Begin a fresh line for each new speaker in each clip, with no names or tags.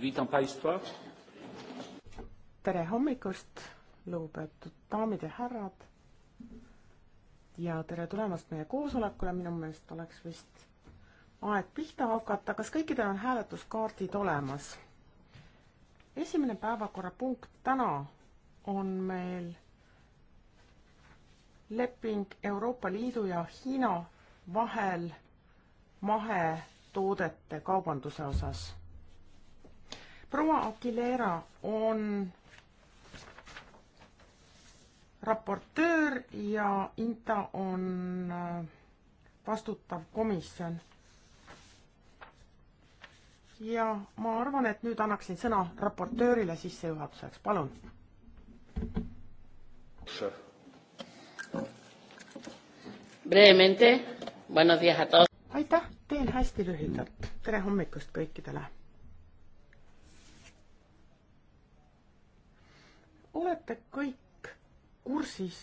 Witam Państwa.
tere hommikust, lugupeetud daamid ja härrad. ja tere tulemast meie koosolekule, minu meelest oleks vist aeg pihta hakata, kas kõikidel on hääletuskaardid olemas? esimene päevakorrapunkt täna on meil leping Euroopa Liidu ja Hiina vahel mahetoodete kaubanduse osas proua Aguilera on raportöör ja INTA on äh, vastutav komisjon. ja ma arvan, et nüüd annaksin sõna raportöörile sissejuhatuseks, palun.
aitäh, teen
hästi lühidalt. tere hommikust kõikidele olete kõik kursis,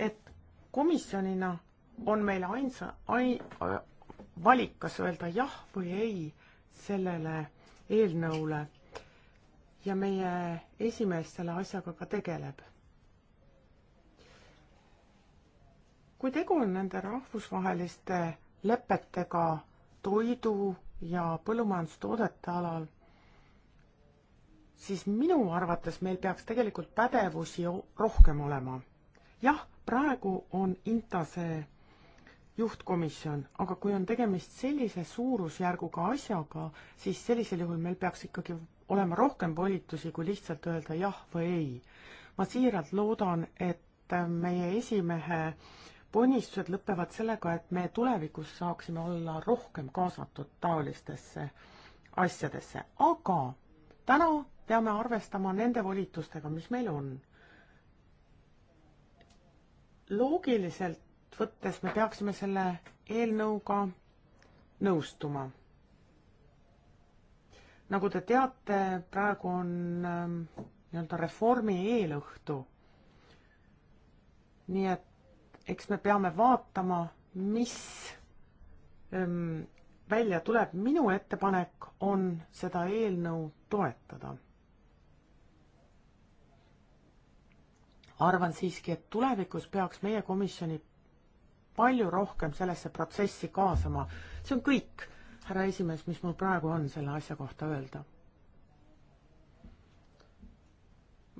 et komisjonina on meil ainsa, ai-, valik, kas öelda jah või ei sellele eelnõule ja meie esimees selle asjaga ka tegeleb. kui tegu on nende rahvusvaheliste lepetega toidu ja põllumajandustoodete alal siis minu arvates meil peaks tegelikult pädevusi rohkem olema. jah, praegu on INTA see juhtkomisjon, aga kui on tegemist sellise suurusjärguga asjaga, siis sellisel juhul meil peaks ikkagi olema rohkem volitusi, kui lihtsalt öelda jah või ei. ma siiralt loodan, et meie esimehe ponistused lõpevad sellega, et me tulevikus saaksime olla rohkem kaasatud taolistesse asjadesse, aga täna peame arvestama nende volitustega, mis meil on. loogiliselt võttes me peaksime selle eelnõuga nõustuma. nagu te teate, praegu on ähm, nii-öelda reformi eelõhtu. nii et eks me peame vaatama, mis ähm, välja tuleb. minu ettepanek on seda eelnõu toetada arvan siiski, et tulevikus peaks meie komisjoni palju rohkem sellesse protsessi kaasama. see on kõik, härra esimees, mis mul praegu on selle asja kohta öelda.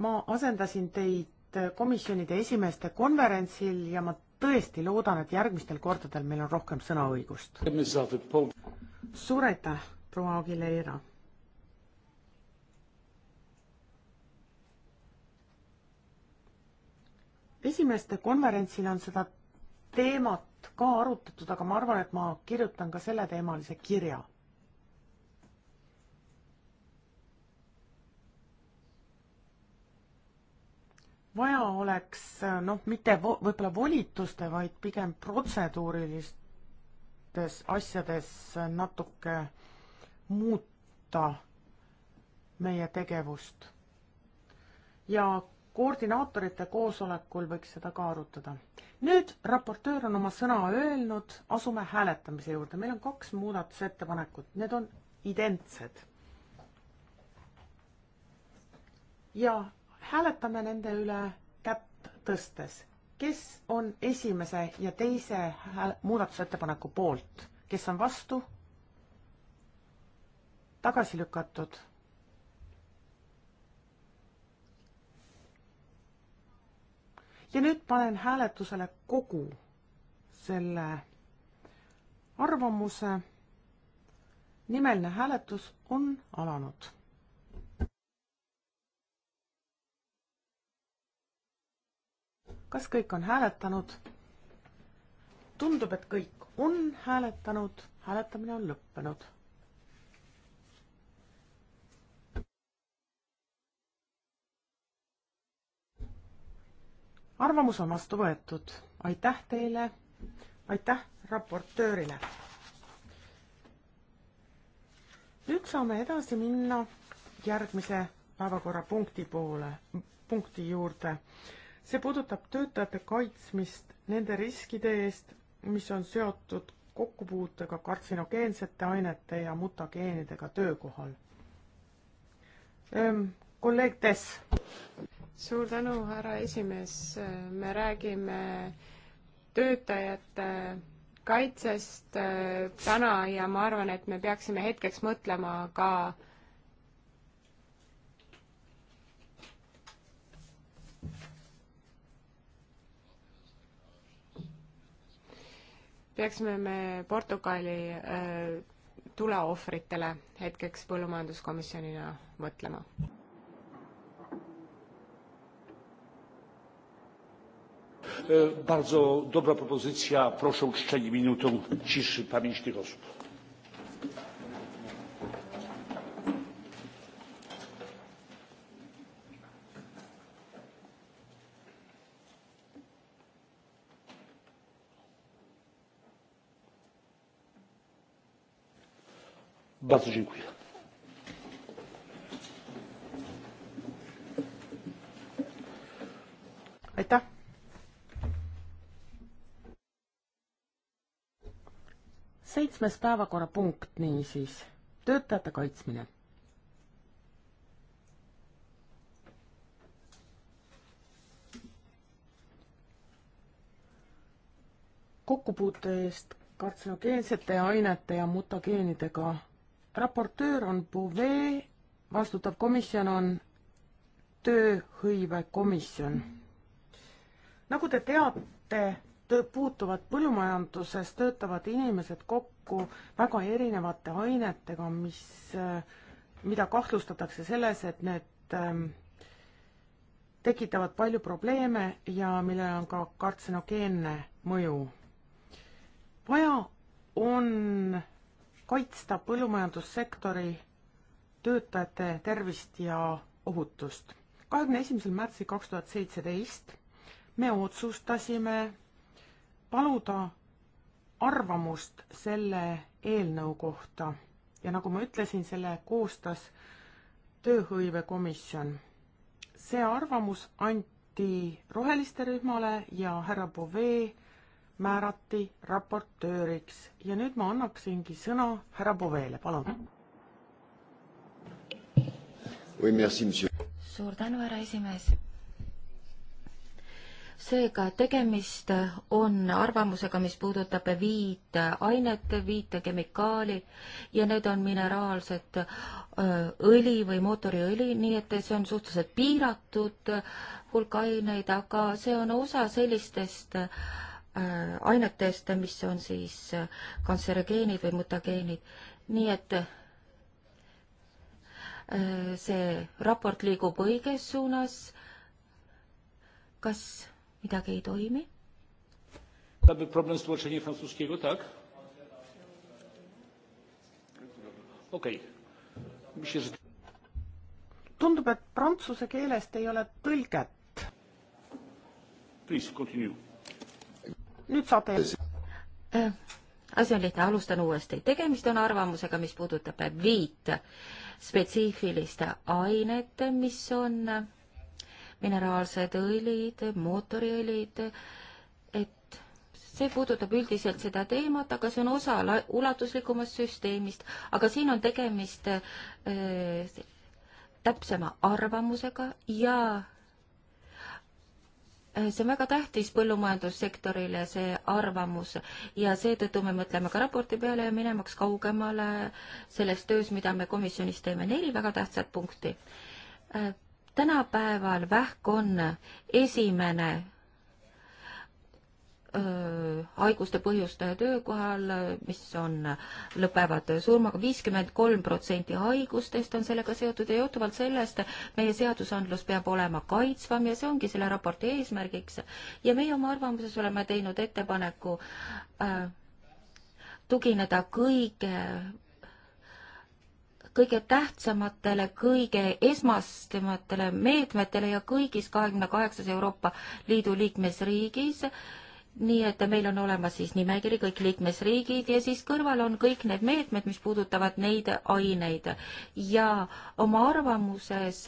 ma asendasin teid komisjonide esimeeste konverentsil ja ma tõesti loodan, et järgmistel kordadel meil on rohkem sõnaõigust. suur aitäh, proua Aguilera esimeste konverentsil on seda teemat ka arutatud, aga ma arvan, et ma kirjutan ka selleteemalise kirja. vaja oleks noh, mitte vo võib-olla volituste, vaid pigem protseduurilistes asjades natuke muuta meie tegevust. ja koordinaatorite koosolekul võiks seda ka arutada. nüüd raportöör on oma sõna öelnud, asume hääletamise juurde, meil on kaks muudatusettepanekut, need on identsed. ja hääletame nende üle kätt tõstes, kes on esimese ja teise hääl-, muudatusettepaneku poolt, kes on vastu, tagasi lükatud ja nüüd panen hääletusele kogu selle arvamuse. nimeline hääletus on alanud. kas kõik on hääletanud? tundub, et kõik on hääletanud, hääletamine on lõppenud arvamus on vastu võetud. aitäh teile, aitäh raportöörile. nüüd saame edasi minna järgmise päevakorrapunkti poole, punkti juurde. see puudutab töötajate kaitsmist nende riskide eest, mis on seotud kokkupuutega kartsinogeensete ainete ja mutageenidega töökohal.
kolleeg Tess suur tänu, härra esimees, me räägime töötajate kaitsest äh, täna ja ma arvan, et me peaksime hetkeks mõtlema ka peaksime me Portugali äh, tuleohvritele hetkeks põllumajanduskomisjonina mõtlema.
E, bardzo dobra propozycja proszę o uczczenie minutą ciszy pamięci tych osób. bardzo
dziękuję. aitäh! seitsmes päevakorrapunkt niisiis, töötajate kaitsmine. kokkupuute eest kartsinogeensete ainete ja mutageenidega. raportöör on Bouvet, vastutav komisjon on tööhõivekomisjon. nagu te teate, puutuvad põllumajanduses töötavad inimesed kokku väga erinevate ainetega, mis, mida kahtlustatakse selles, et need ähm, tekitavad palju probleeme ja millel on ka kartsenogeenne mõju. vaja on kaitsta põllumajandussektori töötajate tervist ja ohutust. kahekümne esimesel märtsil kaks tuhat seitseteist me otsustasime paluda arvamust selle eelnõu kohta ja nagu ma ütlesin, selle koostas tööhõivekomisjon. see arvamus anti roheliste rühmale ja härra Bovee määrati raportööriks ja nüüd ma annaksingi sõna härra Boveele, palun.
suur tänu, härra esimees seega tegemist on arvamusega, mis puudutab viit ainet, viite kemikaali ja need on mineraalsed õli või mootoriõli, nii et see on suhteliselt piiratud hulk aineid, aga see on osa sellistest ainetest, mis on siis kantserogeenid või mutageenid, nii et see raport liigub õiges suunas. kas midagi ei toimi.
tundub, et prantsuse keelest ei ole
tõlget. nüüd saate äh, asi on lihtne, alustan uuesti. tegemist on arvamusega, mis puudutab viit spetsiifilist ainet, mis on mineraalsed õlid, mootoriõlid, et see puudutab üldiselt seda teemat, aga see on osa ulatuslikumast süsteemist, aga siin on tegemist öö, äh, täpsema arvamusega ja äh, see on väga tähtis põllumajandussektorile, see arvamus ja seetõttu me mõtleme ka raporti peale ja minemaks kaugemale selles töös, mida me komisjonis teeme. neli väga tähtsat punkti. Äh, tänapäeval vähk on esimene haiguste põhjustaja töökohal, mis on, lõpevad surmaga, viiskümmend kolm protsenti haigustest on sellega seotud ja johtuvalt sellest meie seadusandlus peab olema kaitsvam ja see ongi selle raporti eesmärgiks. ja meie oma arvamuses oleme teinud ettepaneku äh, tugineda kõige kõige tähtsamatele, kõige esmastematele meetmetele ja kõigis kahekümne kaheksas Euroopa Liidu liikmesriigis nii et meil on olemas siis nimekiri, kõik liikmesriigid ja siis kõrval on kõik need meetmed, mis puudutavad neid aineid. ja oma arvamuses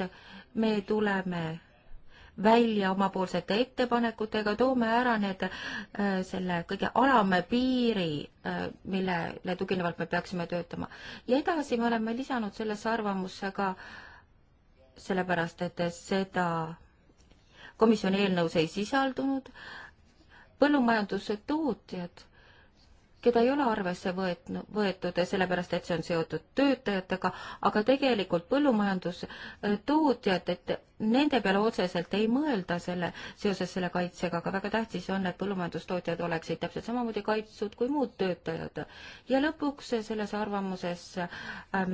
me tuleme välja omapoolsete ettepanekutega, toome ära need, äh, selle kõige alampiiri, äh, millele tuginevalt me peaksime töötama. ja edasi me oleme lisanud sellesse arvamusse ka sellepärast, et seda komisjoni eelnõus ei sisaldunud, põllumajandustootjad keda ei ole arvesse võetnud, võetud, sellepärast et see on seotud töötajatega, aga tegelikult põllumajandustootjad, et nende peale otseselt ei mõelda selle, seoses selle kaitsega, aga väga tähtis on, et põllumajandustootjad oleksid täpselt samamoodi kaitstud kui muud töötajad. ja lõpuks selles arvamuses, äh,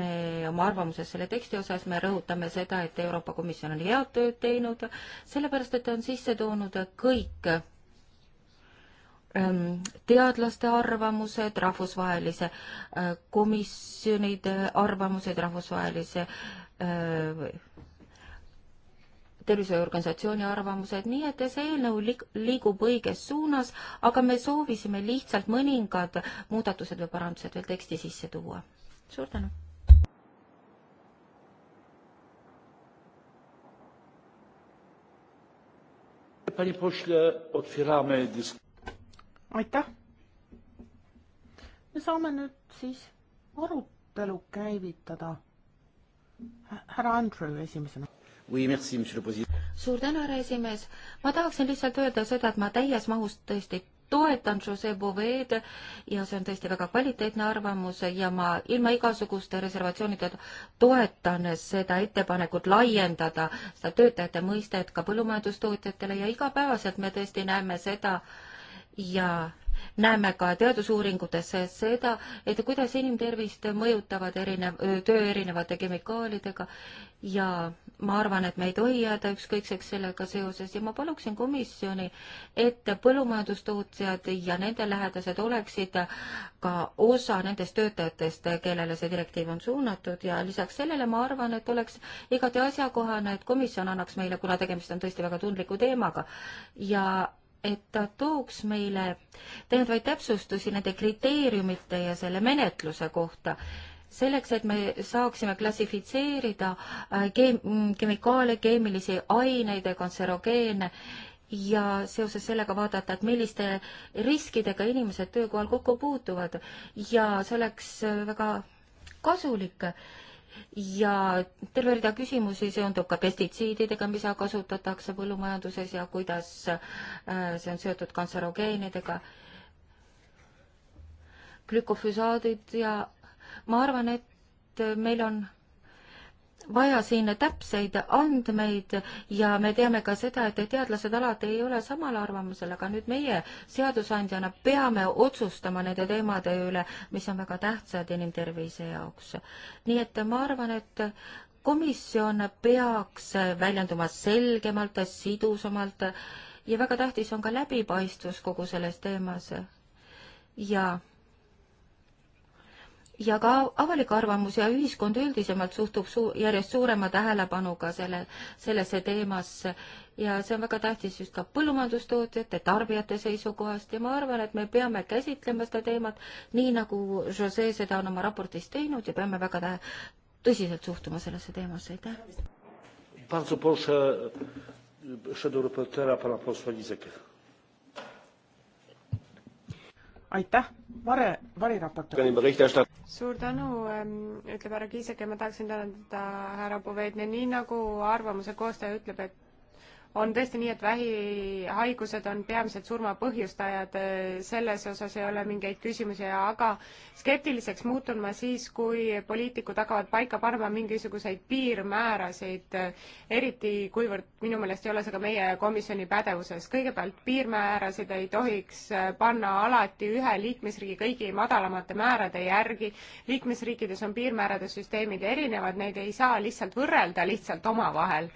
me oma arvamuses selle teksti osas, me rõhutame seda, et Euroopa Komisjon on head tööd teinud, sellepärast et ta on sisse toonud kõik Ähm, teadlaste arvamused, rahvusvahelise äh, komisjonide arvamused, rahvusvahelise äh, tervishoiuorganisatsiooni arvamused, nii et see eelnõu liigub õiges suunas, aga me soovisime lihtsalt mõningad muudatused või parandused veel teksti sisse tuua. suur tänu! Panie pośle, otwieramy dyskusję
aitäh! me saame nüüd siis arutelu käivitada.
härra Andrew esimesena.
Oui, merci, monsieur le president.
suur tänu, härra esimees. ma tahaksin lihtsalt öelda seda, et ma täies mahus tõesti toetan Jose Boveed ja see on tõesti väga kvaliteetne arvamus ja ma ilma igasuguste reservatsioonideta toetan seda ettepanekut laiendada seda töötajate mõistet ka põllumajandustootjatele ja igapäevaselt me tõesti näeme seda, äh, ja näeme ka teadusuuringutes seda, et kuidas inimtervist mõjutavad erinev, töö erinevate kemikaalidega ja ma arvan, et me ei tohi jääda ükskõikseks sellega seoses ja ma paluksin komisjoni, et põllumajandustootjad ja nende lähedased oleksid ka osa nendest töötajatest, kellele see direktiiv on suunatud ja lisaks sellele ma arvan, et oleks igati asjakohane, et komisjon annaks meile, kuna tegemist on tõesti väga tundliku teemaga ja et ta tooks meile täiendavaid täpsustusi nende kriteeriumite ja selle menetluse kohta, selleks, et me saaksime klassifitseerida äh, keem-, mm, kemikaale, keemilisi aineid ja kantserogeene ja seoses sellega vaadata, et milliste riskidega inimesed töökohal kokku puutuvad ja see oleks äh, väga kasulik ja terve rida küsimusi seondub ka pestitsiididega, mida kasutatakse põllumajanduses ja kuidas äh, see on seotud kantserogeenidega, glükofüsaadid ja ma arvan, et meil on vaja siin täpseid andmeid ja me teame ka seda, et teadlased alati ei ole samal arvamusel, aga nüüd meie seadusandjana peame otsustama nende teemade üle, mis on väga tähtsad inimtervise jaoks. nii et ma arvan, et komisjon peaks väljenduma selgemalt, sidusamalt ja väga tähtis on ka läbipaistvus kogu selles teemas. ja ja ka avalik arvamus ja ühiskond üldisemalt suhtub su-, järjest suurema tähelepanuga selle, sellesse teemasse ja see on väga tähtis just ka põllumajandustootjate, tarbijate seisukohast ja ma arvan, et me peame käsitlema seda teemat nii, nagu Jose seda on oma raportis teinud ja peame väga tä-, tõsiselt suhtuma sellesse teemasse, aitäh. bardzo proszę szedł reportera pana posła Lizeka aitäh, Vare, variraportöör.
suur tänu, ähm, ütleb härra Kiisek ja ma tahaksin tänada härra Poveedne, nii nagu arvamuse koostaja ütleb, et on tõesti nii, et vähihaigused on peamised surmapõhjustajad, äh, selles osas ei ole mingeid küsimusi, aga skeptiliseks muutun ma siis, kui poliitikud hakkavad paika panema mingisuguseid piirmäärasid, äh, eriti kuivõrd minu meelest ei ole see ka meie komisjoni pädevuses. kõigepealt piirmäärasid ei tohiks äh, panna alati ühe liikmesriigi kõigi madalamate määrade järgi, liikmesriikides on piirmäärade süsteemid erinevad, neid ei saa lihtsalt võrrelda lihtsalt omavahel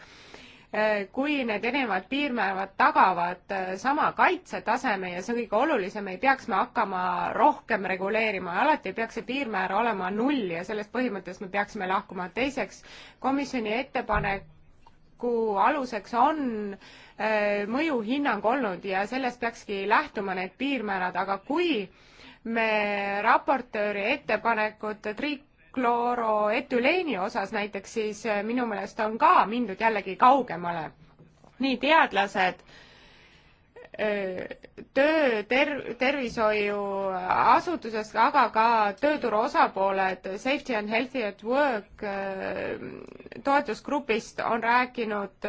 Äh, kui need erinevad piirmäärad tagavad äh, sama kaitsetaseme ja see on kõige olulisem, ei peaks me hakkama rohkem reguleerima, alati peaks see piirmäär olema null ja sellest põhimõttest me peaksime lahkuma. teiseks, komisjoni ettepaneku aluseks on äh, mõjuhinnang olnud ja sellest peakski lähtuma need piirmäärad, aga kui me raportööri ettepanekut triik-, hüdrokloroetüleeni osas näiteks, siis minu meelest on ka mindud jällegi kaugemale. nii teadlased töö ter-, tervishoiuasutuses, aga ka tööturu osapooled Safety and Healthy at Work toetusgrupist on rääkinud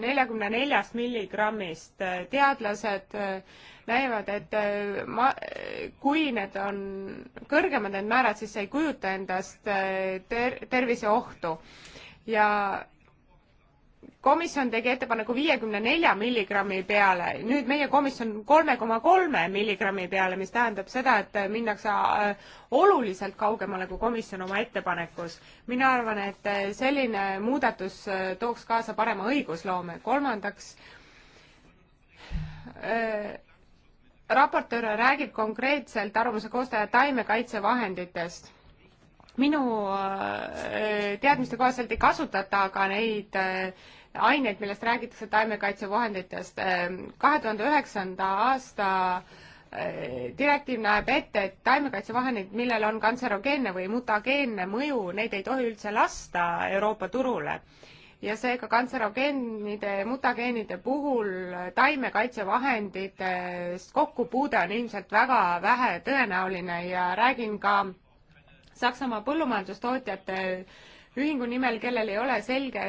neljakümne neljast milligrammist. teadlased näivad, et ma, kui need on kõrgemad, need määrad, siis see ei kujuta endast ter-, terviseohtu. ja komisjon tegi ettepaneku viiekümne nelja milligrammi peale, nüüd meie komisjon kolme koma kolme milligrammi peale, mis tähendab seda, et minnakse äh, oluliselt kaugemale kui komisjon oma ettepanekus. mina arvan, et äh, selline muudatus äh, tooks kaasa parema õigusloome. kolmandaks äh,, raportöör räägib konkreetselt arvamuse koostaja taimekaitsevahenditest minu teadmiste kohaselt ei kasutata aga neid aineid, millest räägitakse taimekaitsevahenditest. Ehm, kahe tuhande üheksanda aasta ehm, direktiiv näeb ette, et taimekaitsevahendid, millel on kantserogeenne või mutageenne mõju, neid ei tohi üldse lasta Euroopa turule. ja seega kantserogeenide ja mutageenide puhul taimekaitsevahenditest kokkupuude on ilmselt väga vähe tõenäoline ja räägin ka Saksamaa põllumajandustootjate ühingu nimel, kellel ei ole selge,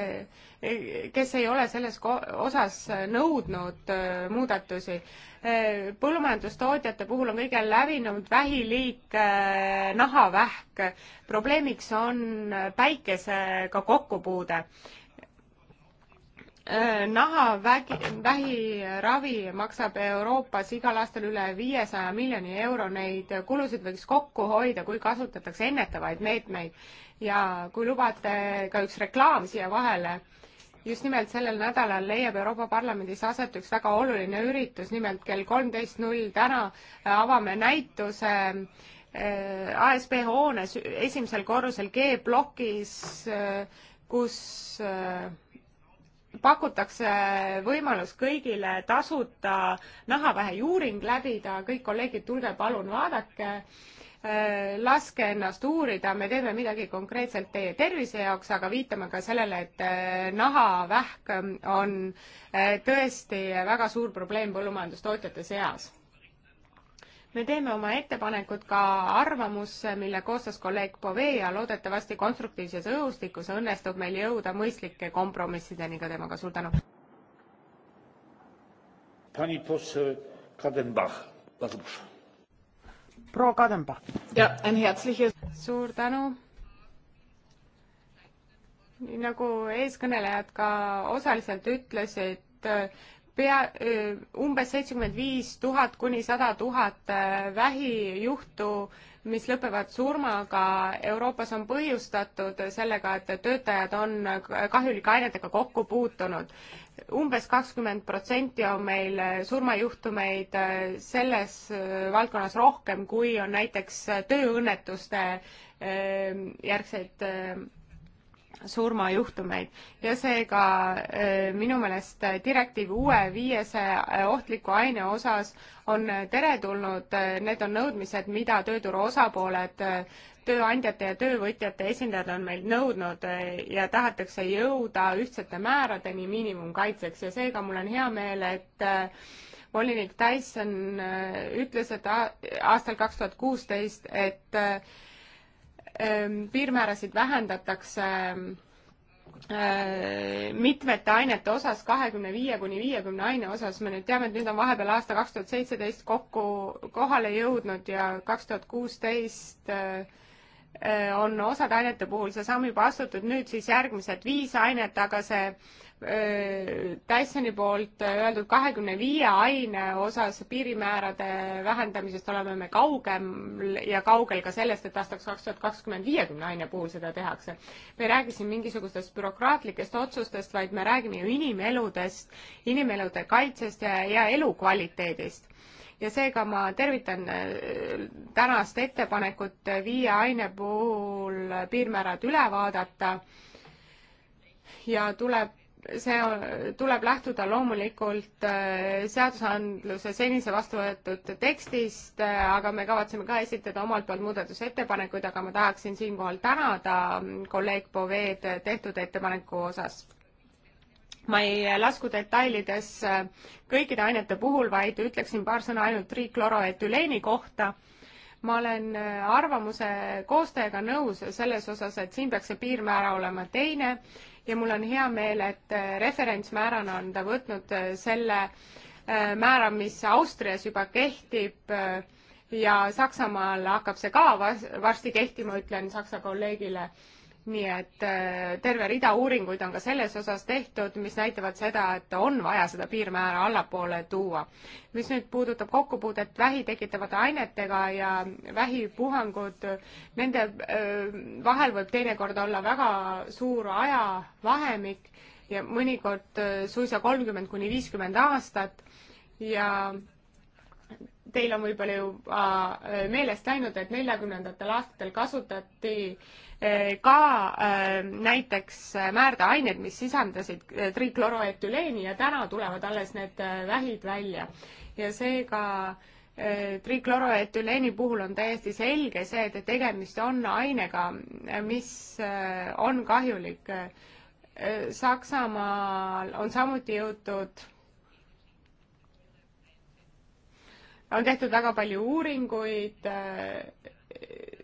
kes ei ole selles osas nõudnud äh, muudatusi. Äh, põllumajandustootjate puhul on kõige lävinud vähiliik äh, nahavähk. probleemiks on päikesega kokkupuude Äh, nahavägi, vähiravi maksab Euroopas igal aastal üle viiesaja miljoni euro, neid kulusid võiks kokku hoida, kui kasutatakse ennetavaid meetmeid. ja kui lubate ka üks reklaam siia vahele, just nimelt sellel nädalal leiab Euroopa Parlamendis aset üks väga oluline üritus, nimelt kell kolmteist null täna avame näituse äh, ASB hoones esimesel korrusel G plokis, äh, kus äh, pakutakse võimalus kõigile tasuta nahavähi uuring läbida, kõik kolleegid, tulge palun vaadake, äh, laske ennast uurida, me teeme midagi konkreetselt teie tervise jaoks, aga viitame ka sellele, et äh, nahavähk ähm, on äh, tõesti väga suur probleem põllumajandustootjate seas me teeme oma ettepanekud ka arvamusse, mille koostas kolleeg Bove ja loodetavasti konstruktiivses õhustikus õnnestub meil jõuda mõistlike kompromissideni ka temaga, suur tänu. proua Kadenbach. suur tänu nii nagu eeskõnelejad ka osaliselt ütlesid, pea, umbes seitsekümmend viis tuhat kuni sada tuhat vähijuhtu, mis lõpevad surmaga, Euroopas on põhjustatud sellega, et töötajad on kahjulike ainetega kokku puutunud. umbes kakskümmend protsenti on meil surmajuhtumeid selles valdkonnas rohkem, kui on näiteks tööõnnetuste järgseid surmajuhtumeid ja seega eh, minu meelest direktiiv uue viiesaja eh, ohtliku aine osas on teretulnud, eh, need on nõudmised, mida tööturu osapooled, tööandjate ja töövõtjate esindajad on meilt nõudnud ja tahetakse jõuda ühtsete määradeni miinimumkaitseks ja seega mul on hea meel, et volinik Tyson ütles, et aastal kaks tuhat kuusteist, et Ehm, piirmäärasid vähendatakse ehm, ehm, mitmete ainete osas, kahekümne viie kuni viiekümne aine osas, me nüüd teame, et nüüd on vahepeal aasta kaks tuhat seitseteist kokku kohale jõudnud ja kaks tuhat kuusteist Äh, on osade ainete puhul see samm juba astutud, nüüd siis järgmised viis ainet, aga see äh, Dysoni poolt äh, öeldud kahekümne viie aine osas piirimäärade vähendamisest oleme me kaugel ja kaugel ka sellest, et aastaks kaks tuhat kakskümmend viiekümne aine puhul seda tehakse. me ei räägi siin mingisugustest bürokraatlikest otsustest, vaid me räägime ju inimeludest, inimelude kaitsest ja, ja elukvaliteedist ja seega ma tervitan äh, tänast ettepanekut viie aine puhul piirmäärad üle vaadata ja tuleb see on, tuleb lähtuda loomulikult äh, seadusandluse senise vastu võetud tekstist, äh, aga me kavatseme ka esitada omalt poolt muudatusettepanekuid, aga ma tahaksin siinkohal tänada kolleeg Poveed tehtud ettepaneku osas ma ei lasku
detailidesse
kõikide ainete puhul, vaid ütleksin paar sõna ainult triikloroetüleeni kohta. ma olen arvamuse koostajaga nõus selles osas, et siin peaks see piirmäära olema teine ja mul on hea meel, et referentsmäärana on ta võtnud selle äh, määra, mis Austrias juba kehtib äh, ja Saksamaal hakkab see ka varsti kehtima, ütlen Saksa kolleegile nii et äh, terve rida uuringuid on ka selles osas tehtud, mis näitavad seda, et on vaja seda piirmäära allapoole tuua. mis nüüd puudutab kokkupuudet vähi tekitavate ainetega ja vähipuhangud, nende äh, vahel võib teinekord olla väga suur ajavahemik ja mõnikord äh, suisa kolmkümmend kuni viiskümmend aastat ja teil on võib-olla juba äh, meelest läinud, et neljakümnendatel aastatel kasutati äh, ka äh, näiteks määrdeained, mis sisaldasid trikloroetüleeni ja täna tulevad alles need vähid välja. ja seega trikloroetüleeni puhul on täiesti selge see, et tegemist on ainega, mis on kahjulik. Saksamaal on samuti jõutud on tehtud väga palju uuringuid, äh,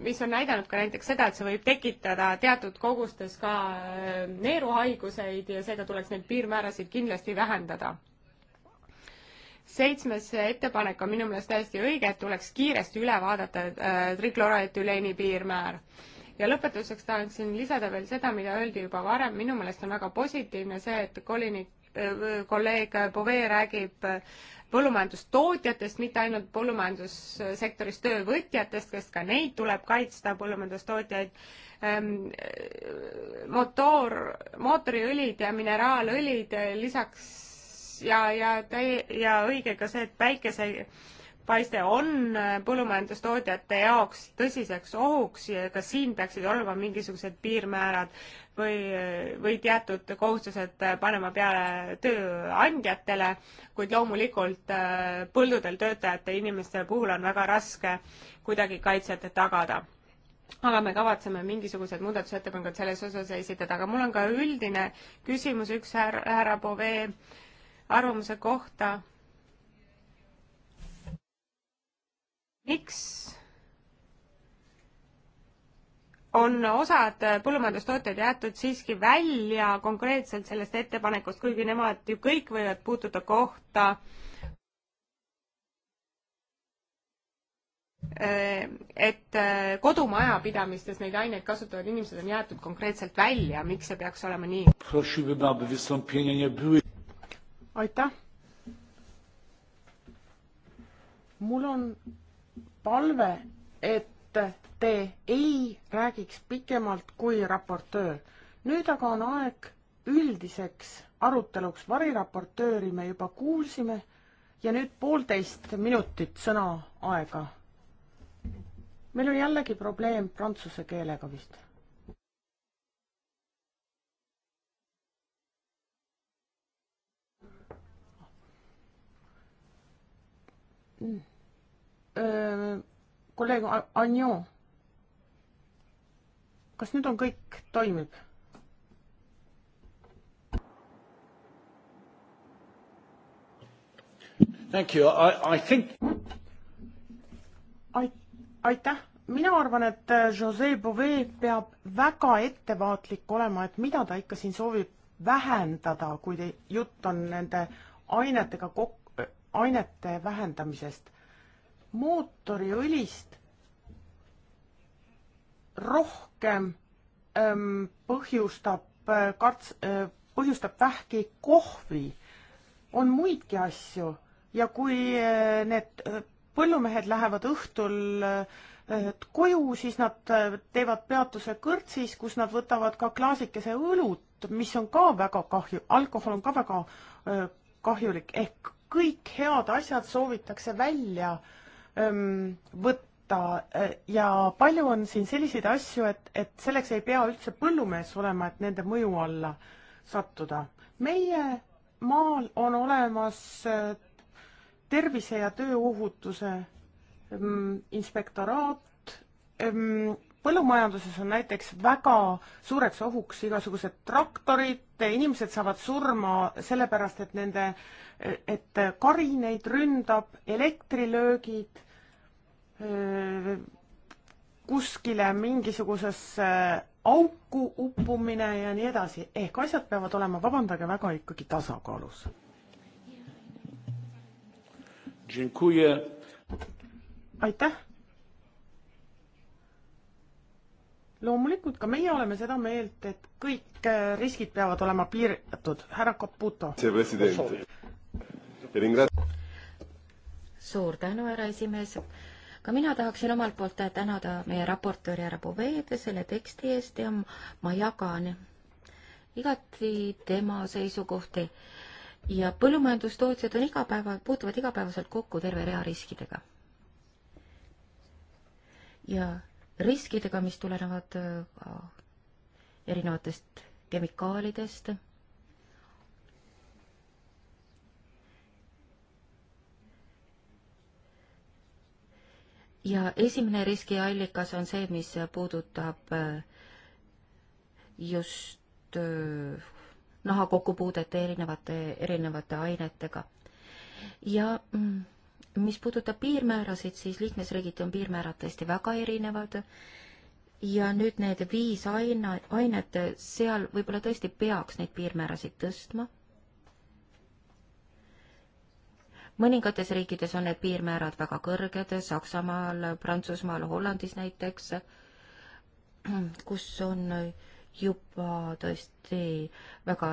mis on näidanud ka näiteks seda, et see võib tekitada teatud kogustes ka äh, neeruhaiguseid ja seega tuleks neid piirmäärasid kindlasti vähendada. seitsmes ettepanek on minu meelest täiesti õige, et tuleks kiiresti üle vaadata äh, trikloroetüleeni piirmäär ja lõpetuseks tahaksin lisada veel seda, mida öeldi juba varem, minu meelest on väga positiivne see, et kolinik kolleeg Bovee räägib põllumajandustootjatest, mitte ainult põllumajandussektoris töövõtjatest, kes ka neid tuleb kaitsta, põllumajandustootjaid ähm,, motoor, mootoriõlid ja mineraalõlid lisaks ja, ja täi-, ja õige ka see, et päikesepaiste on põllumajandustootjate jaoks tõsiseks ohuks ja ka siin peaksid olema mingisugused piirmäärad või, või teatud kohustused panema peale tööandjatele, kuid loomulikult äh, põldudel töötajate inimeste puhul on väga raske kuidagi kaitset tagada. aga me kavatseme mingisugused muudatusettepanekud selles osas esitada, aga mul on ka üldine küsimus üks härra, härra Bovee arvamuse kohta. miks on osad põllumajandustootjad jäetud siiski välja konkreetselt sellest ettepanekust, kuigi nemad ju kõik võivad puutuda kohta et äh, kodumajapidamistes neid aineid kasutavad inimesed on jäetud konkreetselt välja, miks see peaks olema nii? aitäh. mul on
palve, et et te ei räägiks pikemalt kui raportöör. nüüd aga on aeg üldiseks aruteluks, variraportööri me juba kuulsime ja nüüd poolteist minutit sõnaaega. meil on jällegi probleem prantsuse keelega vist mm.. Öö kolleeg Anjo, kas nüüd on kõik, toimib?
Thank you, I, I think.
aitäh, mina arvan, et äh, Jose Bove peab väga ettevaatlik olema, et mida ta ikka siin soovib vähendada, kui te, jutt on nende ainetega kok-, äh, ainete vähendamisest mootoriõlist rohkem ähm, põhjustab äh, karts- äh,, põhjustab vähki kohvi. on muidki asju ja kui äh, need äh, põllumehed lähevad õhtul äh, koju, siis nad äh, teevad peatuse kõrtsis, kus nad võtavad ka klaasikese õlut, mis on ka väga kahju, alkohol on ka väga äh, kahjulik, ehk kõik head asjad soovitakse välja äh, võtta äh, ja palju on siin selliseid asju, et, et selleks ei pea üldse põllumees olema, et nende mõju alla sattuda. meie maal on olemas äh, tervise ja tööohutuse ähm, inspektoraat. põllumajanduses on näiteks väga suureks ohuks igasugused traktorid, inimesed saavad surma sellepärast, et nende, äh, et kari neid ründab, elektrilöögid kuskile mingisugusesse auku uppumine ja nii edasi, ehk asjad peavad olema, vabandage väga, ikkagi tasakaalus. aitäh. loomulikult ka meie oleme seda meelt, et kõik äh, riskid peavad olema piiratud. härra Caputo.
suur tänu, härra esimees ka mina tahaksin omalt poolt tänada meie raportööri härra Poveed selle teksti eest ja ma jagan igati tema seisukohti. ja põllumajandustootjad on igapäeva, puutuvad igapäevaselt kokku terve rea riskidega. ja riskidega, mis tulenevad ka äh, erinevatest kemikaalidest ja esimene riskiallikas on see, mis puudutab äh, just äh, naha kokkupuudet erinevate, erinevate ainetega. ja mm, mis puudutab piirmäärasid, siis liikmesriigiti on piirmäärad tõesti väga erinevad ja nüüd need viis aine, ainet, seal võib-olla tõesti peaks neid piirmäärasid tõstma mõningates riikides on need piirmäärad väga kõrged, Saksamaal, Prantsusmaal, Hollandis näiteks, kus on juba tõesti väga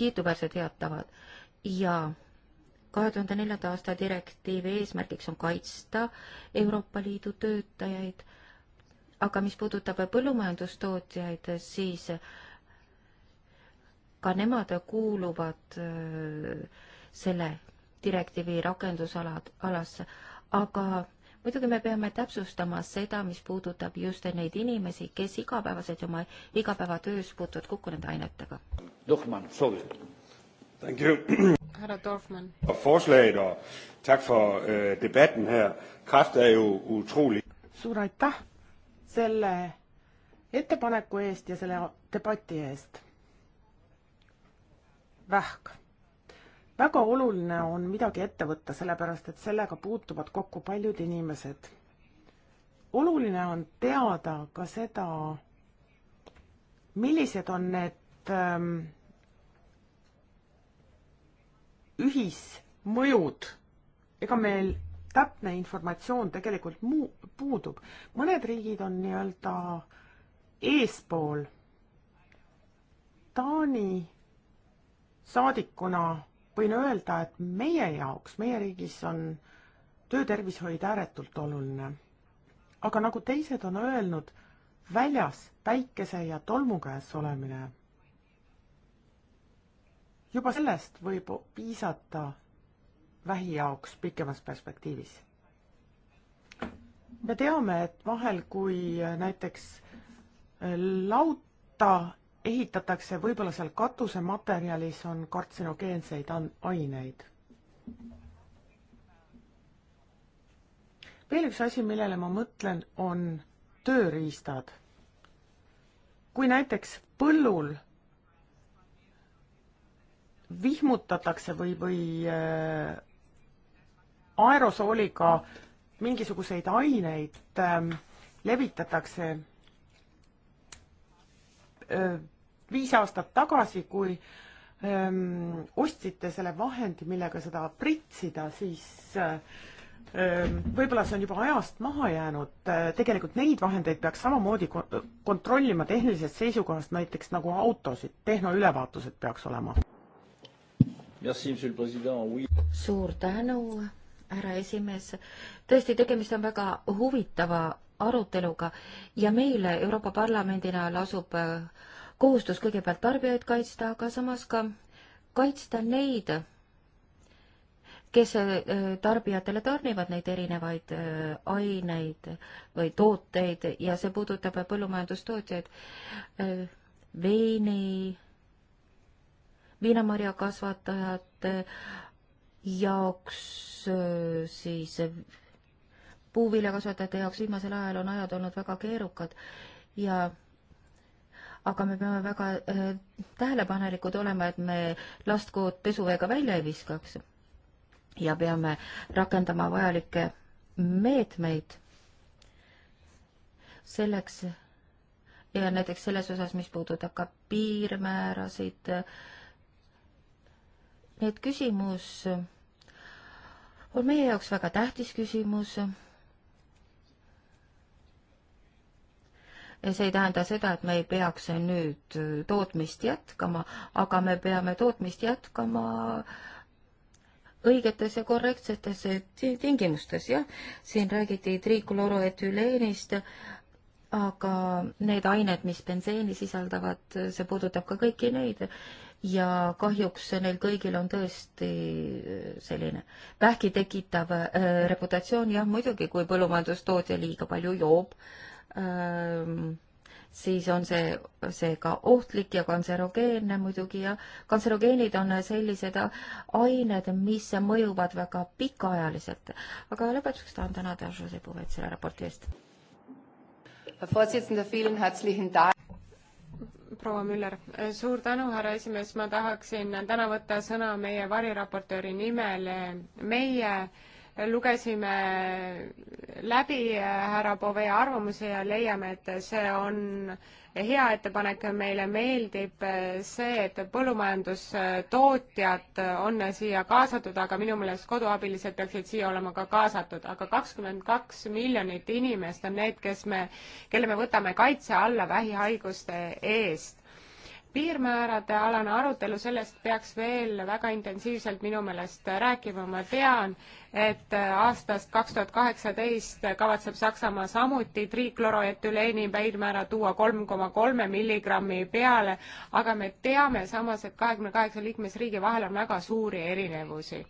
kiiduväärsed head tavad ja kahe tuhande neljanda aasta direktiivi eesmärgiks on kaitsta Euroopa Liidu töötajaid, aga mis puudutab põllumajandustootjaid, siis ka nemad kuuluvad äh, selle direktiivi rakendusalad, alasse, aga muidugi me peame täpsustama seda, mis puudutab just neid inimesi, kes igapäevaselt oma igapäevatöös puutuvad kokku nende ainetega. Lohman, soovid? Herre Dorfman.
Og forslaget, og tak for øh, debatten
her. Kræft er jo utrolig.
Suur aitäh selle ettepaneku eest ja selle debati eest. Vähk väga oluline on midagi ette võtta, sellepärast et sellega puutuvad kokku paljud inimesed. oluline on teada ka seda, millised on need ähm, ühismõjud, ega meil täpne informatsioon tegelikult muu, puudub. mõned riigid on nii-öelda eespool. Taani saadikuna võin öelda, et meie jaoks, meie riigis on töötervishoid ääretult oluline. aga nagu teised on öelnud, väljas päikese ja tolmu käes olemine, juba sellest võib piisata vähi jaoks pikemas perspektiivis. me teame, et vahel, kui näiteks lauta ehitatakse, võib-olla seal katusematerjalis on kartsinogeenseid aineid. veel üks asi, millele ma mõtlen, on tööriistad. kui näiteks põllul vihmutatakse või, või äh, aerosooliga mingisuguseid aineid äh, levitatakse äh, viis aastat tagasi, kui öö, ähm, ostsite selle vahendi, millega seda pritsida, siis ähm, võib-olla see on juba ajast maha jäänud, äh, tegelikult neid vahendeid peaks samamoodi kontrollima tehnilisest seisukohast, näiteks nagu autosid, tehnoülevaatused peaks olema.
suur tänu, härra esimees. tõesti, tegemist on väga huvitava aruteluga ja meile Euroopa Parlamendina lasub äh, kohustus kõigepealt tarbijaid kaitsta, aga samas ka kaitsta neid, kes äh, tarbijatele tarnivad neid erinevaid äh, aineid või tooteid ja see puudutab põllumajandustootjaid, äh, veini, viinamarja kasvatajate jaoks siis puuviljakasvatajate jaoks viimasel ajal on ajad olnud väga keerukad ja aga me peame väga äh, tähelepanelikud olema, et me last kood pesuveega välja ei viskaks. ja peame rakendama vajalikke meetmeid selleks ja näiteks selles osas, mis puudutab ka piirmäärasid, need küsimus on meie jaoks väga tähtis küsimus see ei tähenda seda, et me ei peaks nüüd tootmist jätkama, aga me peame tootmist jätkama õigetes ja korrektsetes tingimustes, jah. siin räägiti triikloroetüleenist, aga need ained, mis benseeni sisaldavad, see puudutab ka kõiki neid ja kahjuks neil kõigil on tõesti äh, selline vähki tekitav äh, reputatsioon, jah muidugi, kui põllumajandustootja liiga palju joob äh, Ehm, siis on see, see ka ohtlik ja kantserogeenne muidugi ja kantserogeenid on sellised ained, mis mõjuvad väga pikaajaliselt. aga lõpetuseks tahan tänada Jose Puvet selle raporti eest.
proua Müller, suur tänu, härra esimees, ma tahaksin täna võtta sõna meie variraportööri nimel. meie äh, lugesime läbi äh, härra Bovee arvamuse ja leiame, et see on hea ettepanek, meile meeldib äh, see, et põllumajandustootjad äh, on siia kaasatud, aga minu meelest koduabilised peaksid siia olema ka kaasatud, aga kakskümmend kaks miljonit inimest on need, kes me, kelle me võtame kaitse alla vähihaiguste eest piirmäärade alane arutelu, sellest peaks veel väga intensiivselt minu meelest rääkima, ma tean, et aastast kaks tuhat kaheksateist kavatseb Saksamaa samuti triikloroetüleeni piirmäära tuua kolm koma kolme milligrammi peale, aga me teame samas, et kahekümne kaheksa liikmesriigi vahel on väga suuri erinevusi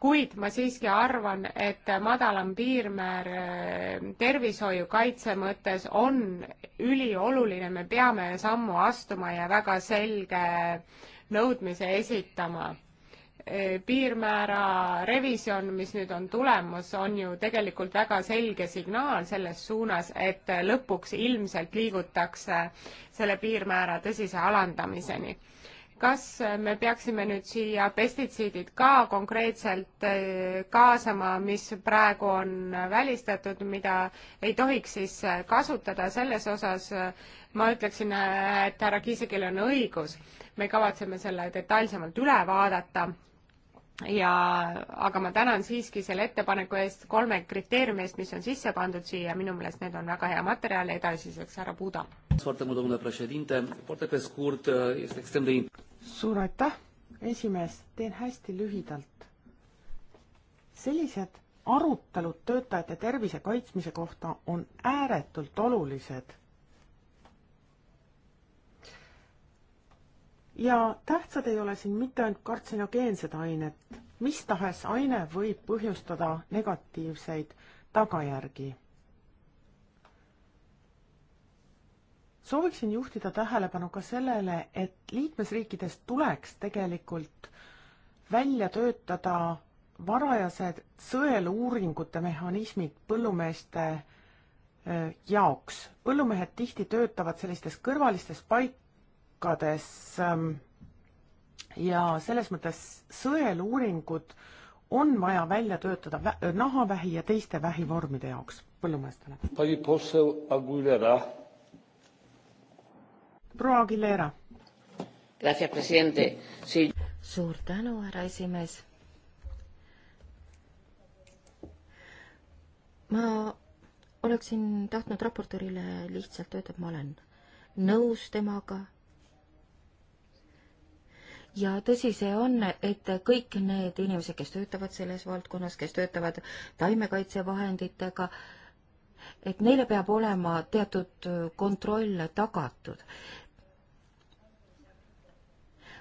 kuid ma siiski arvan, et madalam piirmäär äh, tervishoiu kaitse mõttes on ülioluline, me peame sammu astuma ja väga selge nõudmise esitama. Äh, piirmäära revisjon, mis nüüd on tulemas, on ju tegelikult väga selge signaal selles suunas, et lõpuks ilmselt liigutakse selle piirmäära tõsise alandamiseni kas me peaksime nüüd siia pestitsiidid ka konkreetselt äh, kaasama, mis praegu on välistatud, mida ei tohiks siis äh, kasutada, selles osas äh, ma ütleksin, et härra Kiisekil on õigus. me kavatseme selle detailsemalt üle vaadata ja, aga ma tänan siiski selle ettepaneku eest, kolme kriteeriumi eest, mis on sisse pandud siia, minu meelest need on väga hea materjal edasiseks, härra Puda suur aitäh,
esimees, teen hästi lühidalt. sellised arutelud töötajate tervise kaitsmise kohta on ääretult olulised. ja tähtsad ei ole siin mitte ainult kartsinogeensed ained, mis tahes aine võib põhjustada negatiivseid tagajärgi sooviksin juhtida tähelepanu ka sellele, et liikmesriikides tuleks tegelikult välja töötada varajased sõeluuringute mehhanismid põllumeeste jaoks. põllumehed tihti töötavad sellistes kõrvalistes paikades ja selles mõttes sõeluuringud on vaja välja töötada nahavähi ja teiste vähivormide jaoks põllumeestele
proua Aguilera. suur tänu, härra esimees. ma oleksin tahtnud raportöörile lihtsalt öelda, et ma olen nõus temaga. ja tõsi see on, et kõik need inimesed, kes töötavad selles valdkonnas, kes töötavad taimekaitsevahenditega, et neile peab olema teatud kontroll tagatud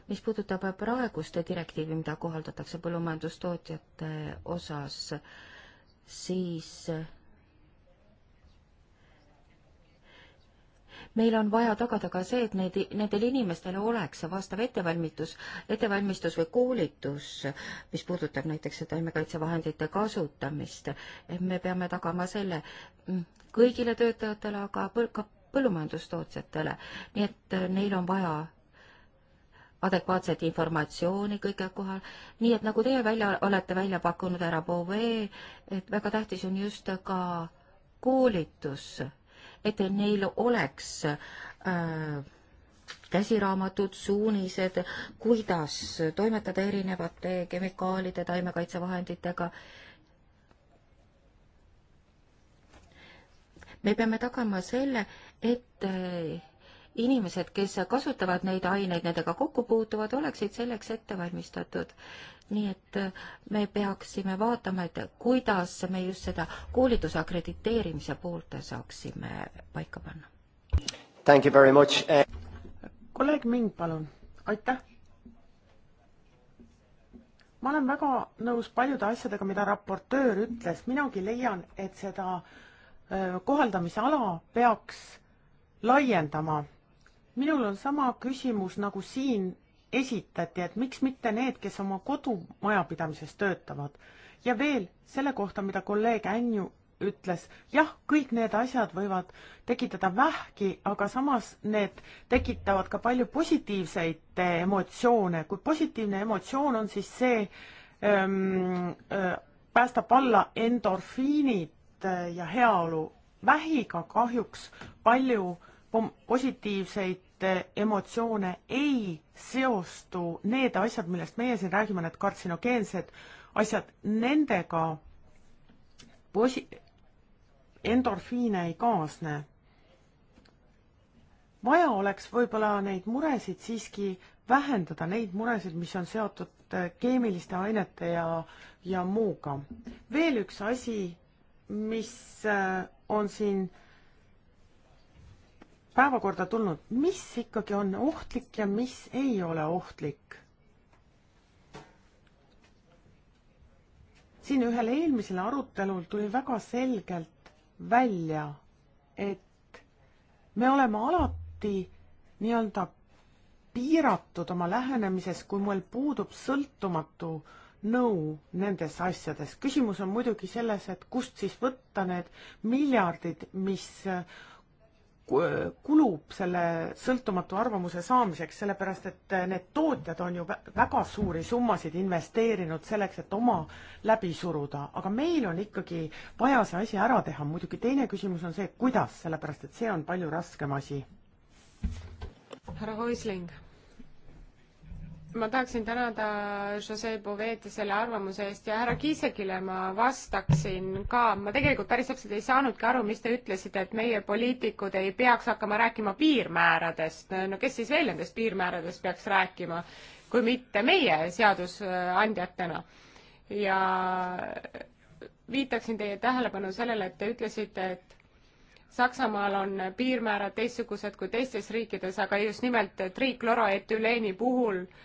mis puudutab praegust direktiivi, mida kohaldatakse põllumajandustootjate osas, siis meil on vaja tagada ka see, et need, nendel inimestel oleks vastav ettevalmistus, ettevalmistus või koolitus, mis puudutab näiteks taimekaitsevahendite kasutamist. et me peame tagama selle kõigile töötajatele, aga põl-, ka põllumajandustootjatele, nii et neil on vaja adekvaatset informatsiooni kõige kohal, nii et nagu teie välja, olete välja pakkunud, härra Bove, et väga tähtis on just ka koolitus, et neil oleks äh, käsiraamatud, suunised, kuidas toimetada erinevate kemikaalide, taimekaitsevahenditega. me peame tagama selle, et äh, inimesed, kes kasutavad neid aineid, nendega kokku puutuvad, oleksid selleks ettevalmistatud. nii et äh, me peaksime vaatama, et kuidas me just seda koolituse akrediteerimise poolt saaksime paika panna.
Thank you very much. Eh,
kolleeg Ming, palun. aitäh.
ma olen väga nõus paljude asjadega, mida raportöör ütles, minagi leian, et seda äh, kohaldamisala peaks laiendama minul on sama küsimus nagu siin esitati, et miks mitte need, kes oma kodumajapidamises töötavad. ja veel selle kohta, mida kolleeg Änju ütles, jah, kõik need asjad võivad tekitada vähki, aga samas need tekitavad ka palju positiivseid emotsioone. kui positiivne emotsioon on, siis see ähm, äh, päästab alla endorfiinid ja heaolu. vähiga kahjuks palju äh, positiivseid eh, emotsioone ei seostu need asjad, millest meie siin räägime, need kartsinogeensed asjad, nendega posi-, endorfiine ei kaasne. vaja oleks võib-olla neid muresid siiski vähendada, neid muresid, mis on seotud eh, keemiliste ainete ja, ja muuga. veel üks asi, mis eh, on siin äh, päevakorda tulnud, mis ikkagi on ohtlik ja mis ei ole ohtlik? siin ühel eelmisel arutelul tuli väga selgelt välja, et me oleme alati nii-öelda piiratud oma lähenemises, kui meil puudub sõltumatu nõu nendes asjades. küsimus on muidugi selles, et kust siis võtta need miljardid, mis kulub selle sõltumatu arvamuse saamiseks, sellepärast et need tootjad on ju väga suuri summasid investeerinud selleks, et oma läbi suruda, aga meil on ikkagi vaja see asi ära teha, muidugi teine küsimus on see, kuidas, sellepärast et see on palju raskem asi.
härra Hoisling ma tahaksin tänada Jose Boveti selle arvamuse eest ja härra Kiisekile ma vastaksin ka, ma tegelikult päris täpselt ei saanudki aru, mis te ütlesite, et meie poliitikud ei peaks hakkama rääkima piirmääradest, no kes siis veel nendest piirmääradest peaks rääkima, kui mitte meie seadusandjatena. ja viitaksin teie tähelepanu sellele, et te ütlesite, et Saksamaal on piirmäärad teistsugused kui teistes riikides, aga just nimelt triikloroetüleeni puhul äh,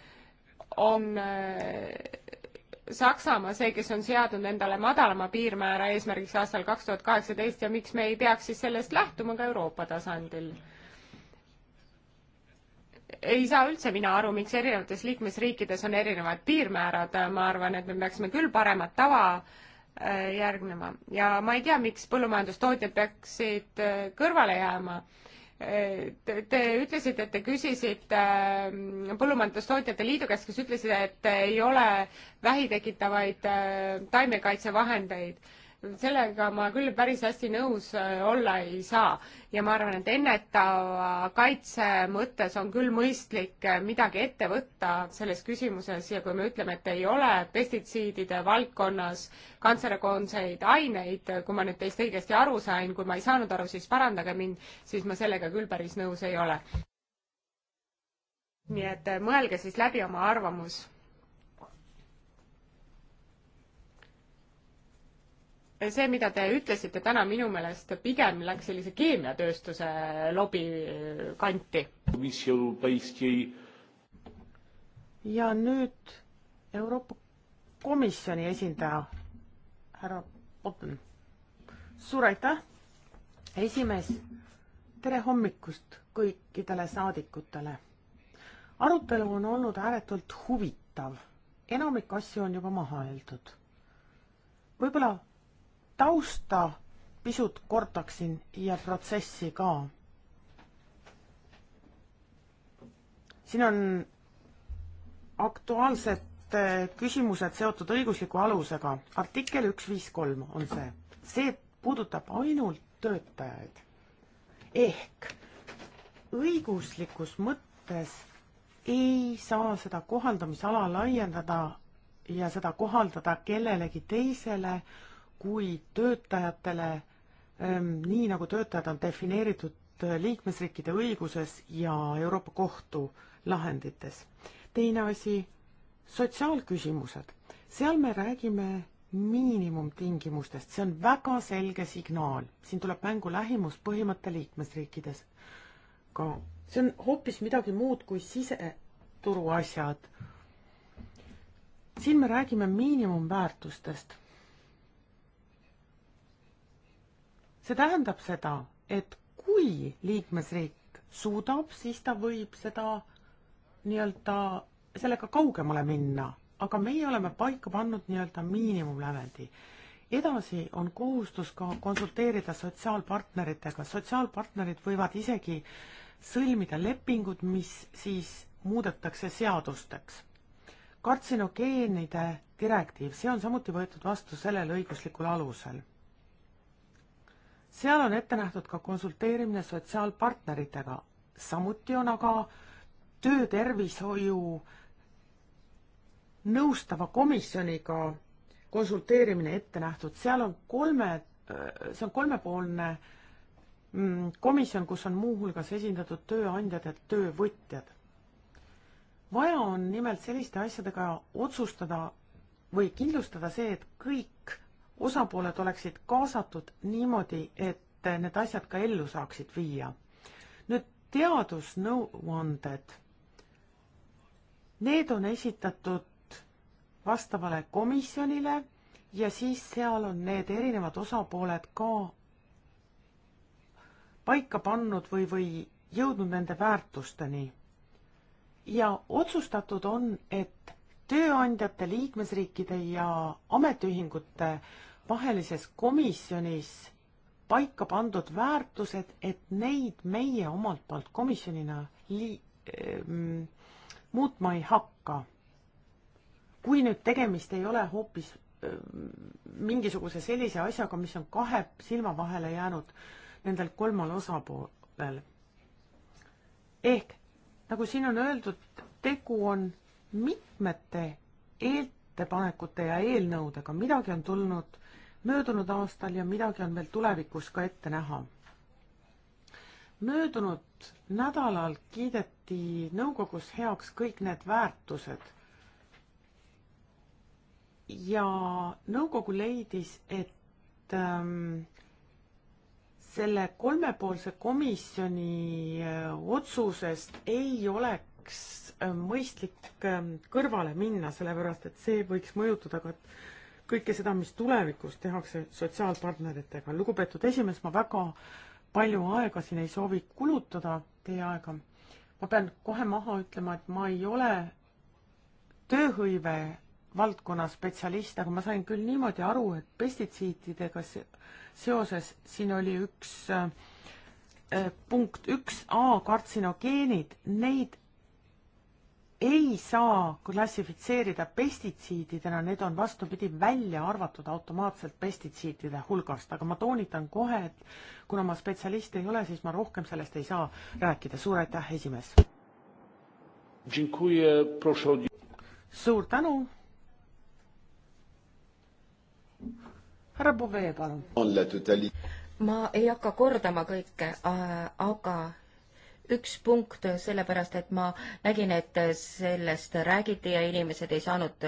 on äh, Saksamaa see, kes on seadnud endale madalama piirmäära eesmärgiks aastal kaks tuhat kaheksateist ja miks me ei peaks siis sellest lähtuma ka Euroopa tasandil? ei saa üldse mina aru, miks erinevates liikmesriikides on erinevad piirmäärad, ma arvan, et me peaksime küll paremat tava äh, järgnema ja ma ei tea, miks põllumajandustootjad peaksid äh, kõrvale jääma Te, te ütlesite, et te küsisite ähm, Põllumajandustootjate Liidu käest, kes ütlesid, et ei ole vähi tekitavaid äh, taimekaitsevahendeid sellega ma küll päris hästi nõus äh, olla ei saa ja ma arvan, et ennetava kaitse mõttes on küll mõistlik äh, midagi ette võtta selles küsimuses ja kui me ütleme, et ei ole pestitsiidide valdkonnas kantserokoonseid aineid, äh, kui ma nüüd teist õigesti aru sain, kui ma ei saanud aru, siis parandage mind, siis ma sellega küll päris nõus ei ole. nii et mõelge siis läbi oma arvamus see, mida te ütlesite täna, minu meelest pigem läks sellise keemiatööstuse lobi äh, kanti. ja nüüd
Euroopa Komisjoni esindaja, härra Potten. suur aitäh, esimees. tere hommikust kõikidele saadikutele. arutelu on olnud ääretult huvitav. enamik asju on juba maha öeldud. võib-olla tausta pisut kordaksin ja protsessi ka. siin on aktuaalsed küsimused seotud õigusliku alusega. artikkel üks viis kolm on see. see puudutab ainult töötajaid. ehk õiguslikus mõttes ei saa seda kohaldamisala laiendada ja seda kohaldada kellelegi teisele äh, kui töötajatele, ehm, nii nagu töötajad on defineeritud äh, liikmesriikide õiguses ja Euroopa Kohtu lahendites. teine asi, sotsiaalküsimused. seal me räägime miinimumtingimustest, see on väga selge signaal, siin tuleb mängu lähimuspõhimõte liikmesriikides ka. see on hoopis midagi muud kui siseturu asjad. siin me räägime miinimumväärtustest see tähendab seda, et kui liikmesriik suudab, siis ta võib seda nii-öelda sellega kaugemale minna, aga meie oleme paika pannud nii-öelda miinimumlävendi. edasi on kohustus ka konsulteerida sotsiaalpartneritega, sotsiaalpartnerid võivad isegi sõlmida lepingud, mis siis muudetakse seadusteks. kartsinogeenide direktiiv, see on samuti võetud vastu sellel õiguslikul alusel seal on ette nähtud ka konsulteerimine sotsiaalpartneritega, samuti on aga töötervishoiu nõustava komisjoniga konsulteerimine ette nähtud, seal on kolme, see on kolmepoolne mm, komisjon, kus on muuhulgas esindatud tööandjad ja töövõtjad. vaja on nimelt selliste asjadega otsustada või kindlustada see, et kõik osapooled oleksid kaasatud niimoodi, et need asjad ka ellu saaksid viia. nüüd teadusnõuanded. Need on esitatud vastavale komisjonile ja siis seal on need erinevad osapooled ka paika pannud või, või jõudnud nende väärtusteni. ja otsustatud on, et tööandjate, liikmesriikide ja ametiühingute vahelises komisjonis paika pandud väärtused, et neid meie omalt poolt komisjonina li-, ähm, muutma ei hakka. kui nüüd tegemist ei ole hoopis ähm, mingisuguse sellise asjaga, mis on kahe silma vahele jäänud nendel kolmel osapoolel. ehk nagu siin on öeldud, tegu on mitmete ettepanekute ja eelnõudega, midagi on tulnud möödunud aastal ja midagi on veel tulevikus ka ette näha. möödunud nädalal kiideti nõukogus heaks kõik need väärtused. ja nõukogu leidis, et ähm, selle kolmepoolse komisjoni äh, otsusest ei ole oleks ähm, mõistlik ähm, kõrvale minna, sellepärast et see võiks mõjutada ka kõike seda, mis tulevikus tehakse sotsiaalpartneritega. lugupeetud esimees, ma väga palju aega siin ei soovi kulutada, teie aega. ma pean kohe maha ütlema, et ma ei ole tööhõive valdkonna spetsialist, aga ma sain küll niimoodi aru, et pestitsiididega seoses siin oli üks äh, äh punkt üks A kartsinogeenid, neid ei saa klassifitseerida pestitsiididena, need on vastupidi välja arvatud automaatselt pestitsiidide hulgast, aga ma toonitan kohe, et kuna ma spetsialist ei ole, siis ma rohkem sellest ei saa rääkida. suur aitäh, esimees! suur
tänu! härra Bovee, palun! ma ei hakka kordama kõike, aga üks punkt, sellepärast et ma nägin, et sellest räägiti ja inimesed ei saanud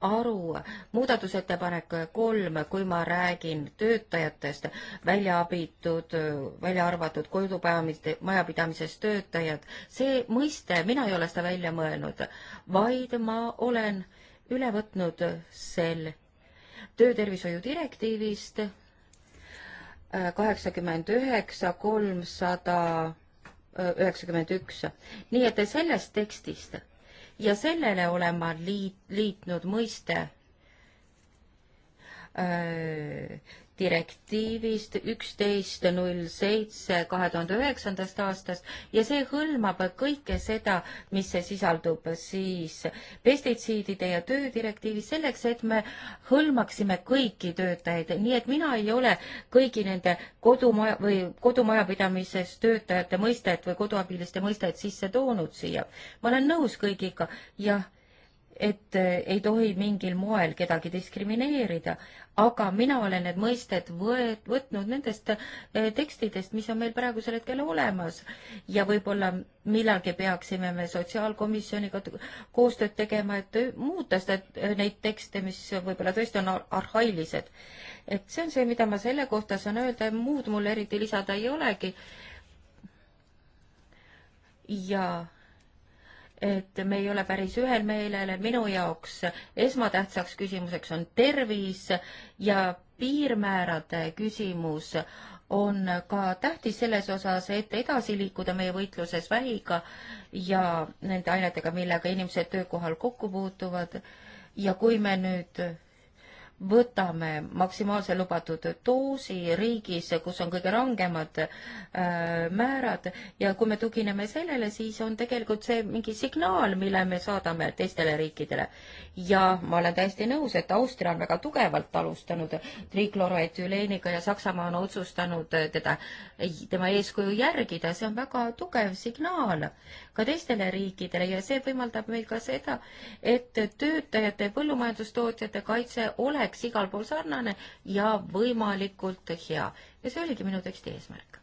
aru. muudatusettepanek kolm, kui ma räägin töötajatest, välja abitud, välja arvatud kodupajamiste, majapidamises töötajad, see mõiste, mina ei ole seda välja mõelnud, vaid ma olen üle võtnud sel töötervishoiu direktiivist kaheksakümmend üheksa kolmsada üheksakümmend üks. nii et sellest tekstist ja sellele olen ma liit, liitnud mõiste öö, äh, direktiivist üksteist null seitse kahe tuhande üheksandast aastast ja see hõlmab kõike seda, mis sisaldub siis pestitsiidide ja töödirektiivis selleks, et me hõlmaksime kõiki töötajaid, nii et mina ei ole kõigi nende kodumaja või kodumajapidamises töötajate mõistet või koduabiliste mõistet sisse toonud siia. ma olen nõus kõigiga, jah et äh, ei tohi mingil moel kedagi diskrimineerida, aga mina olen need mõisted võet-, võtnud nendest äh, tekstidest, mis on meil praegusel hetkel olemas ja võib-olla millalgi peaksime me sotsiaalkomisjoniga koostööd tegema, et äh, muuta seda, neid tekste, mis võib-olla tõesti on arhailised. et see on see, mida ma selle kohta saan öelda ja muud mul eriti lisada ei olegi. jaa et me ei ole päris ühel meelel, minu jaoks esmatähtsaks küsimuseks on tervis ja piirmäärade küsimus on ka tähtis selles osas, et edasi liikuda meie võitluses vähiga ja nende ainetega, millega inimesed töökohal kokku puutuvad. ja kui me nüüd võtame maksimaalse lubatud doosi riigis, kus on kõige rangemad äh, määrad ja kui me tugineme sellele, siis on tegelikult see mingi signaal, mille me saadame teistele riikidele. ja ma olen täiesti nõus, et Austria on väga tugevalt alustanud trikloroetüleeniga ja Saksamaa on otsustanud äh, teda, tema eeskuju järgida, see on väga tugev signaal ka teistele riikidele ja see võimaldab meil ka seda, et töötajate ja põllumajandustootjate kaitse oleks igal pool sarnane ja võimalikult hea. ja see oligi minu teksti eesmärk.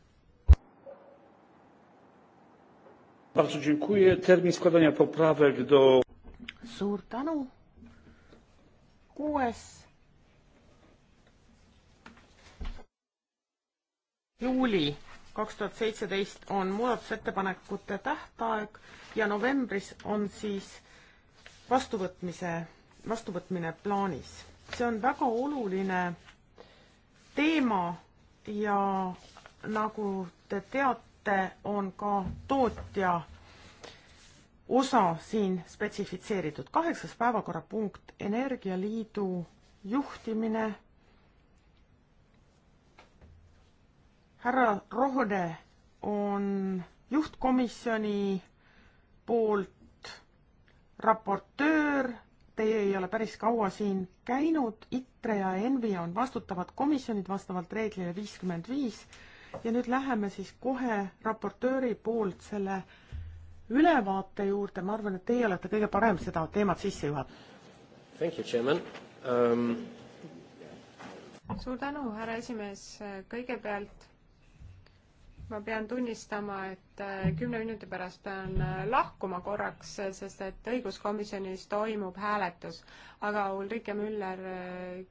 suur tänu.
kuues juuli kaks tuhat seitseteist on muudatusettepanekute tähtaeg ja novembris on siis vastuvõtmise, vastuvõtmine plaanis. see on väga oluline teema ja nagu te teate, on ka tootja osa siin spetsifitseeritud. kaheksas päevakorrapunkt, Energialiidu juhtimine härra Rohde on juhtkomisjoni poolt raportöör, teie ei ole päris kaua siin käinud, ITRE ja ENVI on vastutavad komisjonid vastavalt reeglile viiskümmend viis ja nüüd läheme siis kohe raportööri poolt selle ülevaate juurde, ma arvan, et teie olete kõige parem seda teemat sisse juhatama.
Thank you, chairman um.... suur tänu, härra esimees, kõigepealt ma pean tunnistama, et äh, kümne minuti pärast pean äh, lahkuma korraks, äh, sest et õiguskomisjonis toimub hääletus. aga Ulrike Müller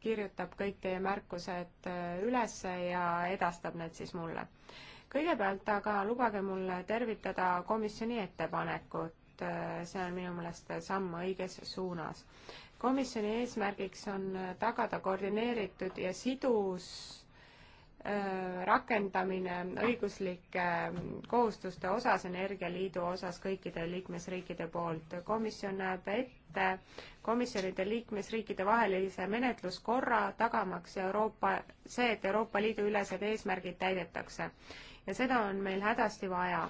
kirjutab kõik teie märkused üles ja edastab need siis mulle. kõigepealt aga lubage mul tervitada komisjoni ettepanekut, see on minu meelest samm õiges suunas. komisjoni eesmärgiks on tagada koordineeritud ja sidus Äh, rakendamine õiguslike ähm, kohustuste osas, Energialiidu osas kõikide liikmesriikide poolt. komisjon näeb ette komisjonide liikmesriikide vahelise menetluskorra, tagamaks Euroopa, see, et Euroopa Liidu ülesed eesmärgid täidetakse. ja seda on meil hädasti vaja.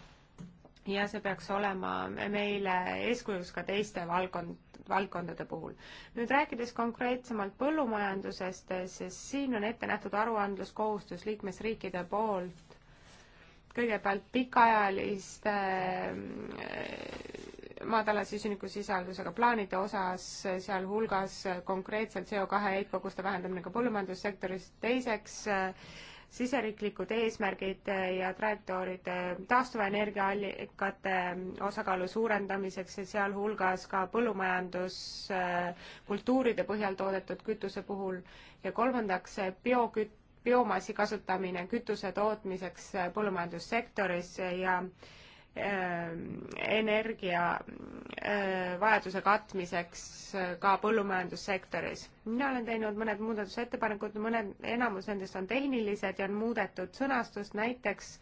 ja see peaks olema meile eeskujuks ka teiste valdkond, teatud valdkondade puhul. nüüd rääkides konkreetsemalt põllumajandusest, siis siin on ette nähtud aruandluskohustus liikmesriikide poolt kõigepealt pikaajaliste eh, madala süsinikusisaldusega plaanide osas, sealhulgas konkreetselt CO2 heitkoguste vähendamine ka põllumajandussektoris, teiseks eh, siseriiklikud eesmärgid ja trajektoorid taastuvenergiaallikate osakaalu suurendamiseks ja sealhulgas ka põllumajanduskultuuride põhjal toodetud kütuse puhul ja kolmandaks bioküt-, biomassi kasutamine kütuse tootmiseks põllumajandussektoris ja äh, Ähm, energiavajaduse äh, katmiseks äh, ka põllumajandussektoris. mina olen teinud mõned muudatusettepanekud, mõned, enamus nendest on tehnilised ja on muudetud sõnastust, näiteks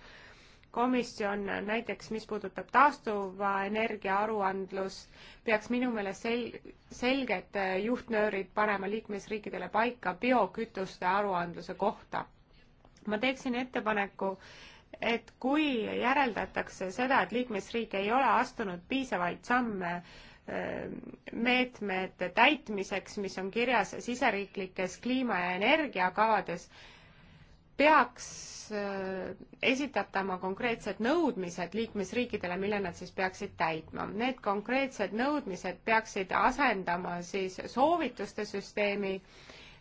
komisjon näiteks, mis puudutab taastuva energia aruandlust, peaks minu meelest sel-, selged äh, juhtnöörid panema liikmesriikidele paika biokütuste aruandluse kohta. ma teeksin ettepaneku äh, et kui järeldatakse seda, et liikmesriik ei ole astunud piisavaid samme ähm, meetmete täitmiseks, mis on kirjas siseriiklikes kliima- ja energiakavades, peaks äh, esitatama konkreetsed nõudmised liikmesriikidele, mille nad siis peaksid täitma. Need konkreetsed nõudmised peaksid asendama siis soovituste süsteemi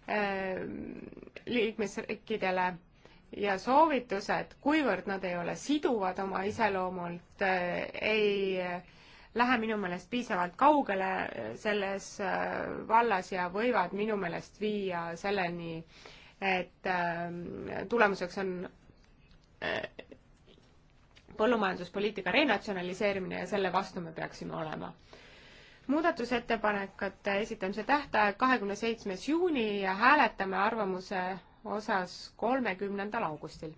ähm, liikmesriikidele ja soovitused, kuivõrd nad ei ole siduvad oma iseloomult, eh, ei eh, lähe minu meelest piisavalt kaugele eh, selles vallas ja võivad minu meelest viia selleni, et tulemuseks on põllumajanduspoliitika renatsionaliseerimine ja selle vastu me peaksime olema muudatusettepanekute esitamise tähtaeg kahekümne seitsmes juuni ja hääletame arvamuse osas kolmekümnendal augustil.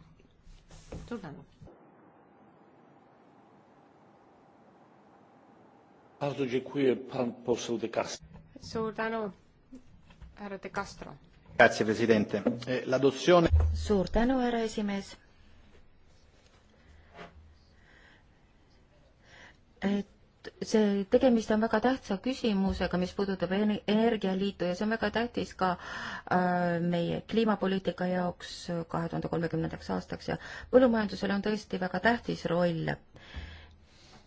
suur tänu! suur
tänu, härra De Castro! Eh, suur tänu, härra esimees! et see, tegemist on väga tähtsa küsimusega, mis puudutab energialiitu ja see on väga tähtis ka äh, meie kliimapoliitika jaoks kahe tuhande kolmekümnendaks aastaks ja põllumajandusel on tõesti väga tähtis roll.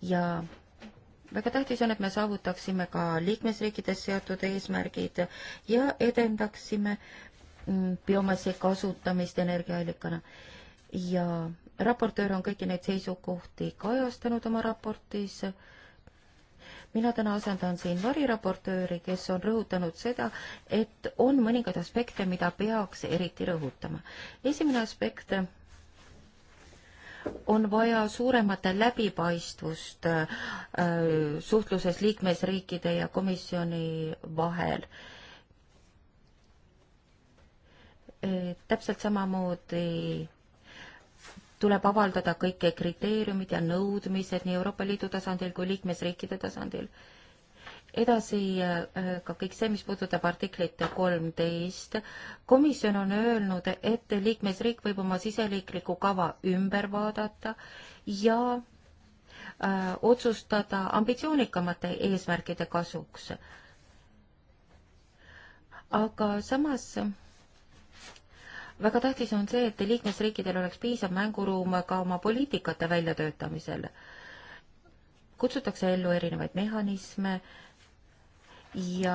ja väga tähtis on, et me saavutaksime ka liikmesriikides seatud eesmärgid ja edendaksime mm, biomassi kasutamist energiaallikana. ja raportöör on kõiki neid seisukohti kajastanud oma raportis äh, mina täna asendan siin variraportööri, kes on rõhutanud seda, et on mõningaid aspekte, mida peaks eriti rõhutama. esimene aspekt on vaja suuremat läbipaistvust äh, suhtluses liikmesriikide ja komisjoni vahel äh,. täpselt samamoodi tuleb avaldada kõik kriteeriumid ja nõudmised nii Euroopa Liidu tasandil kui liikmesriikide tasandil. edasi äh, ka kõik see, mis puudutab artiklit kolmteist. komisjon on öelnud, et liikmesriik võib oma siseriikliku kava ümber vaadata ja äh, otsustada ambitsioonikamate eesmärkide kasuks. aga samas väga tähtis on see, et liikmesriikidel oleks piisav mänguruum ka oma poliitikate väljatöötamisel. kutsutakse ellu erinevaid mehhanisme ja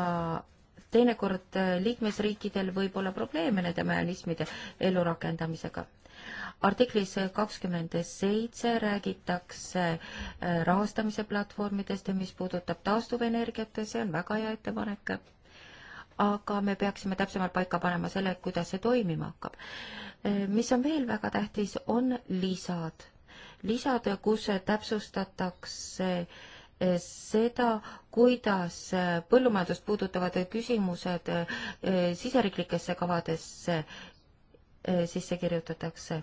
teinekord eh, liikmesriikidel võib olla probleeme nende mehhanismide ellurakendamisega. artiklis kakskümmend seitse räägitakse eh, rahastamise platvormidest ja mis puudutab taastuvenergiat, see on väga hea ettepanek aga me peaksime täpsemalt paika panema selle, kuidas see toimima hakkab. E, mis on veel väga tähtis, on lisad. lisad, kus täpsustatakse e, seda, kuidas põllumajandust puudutavad küsimused e, siseriiklikesse kavadesse sisse kirjutatakse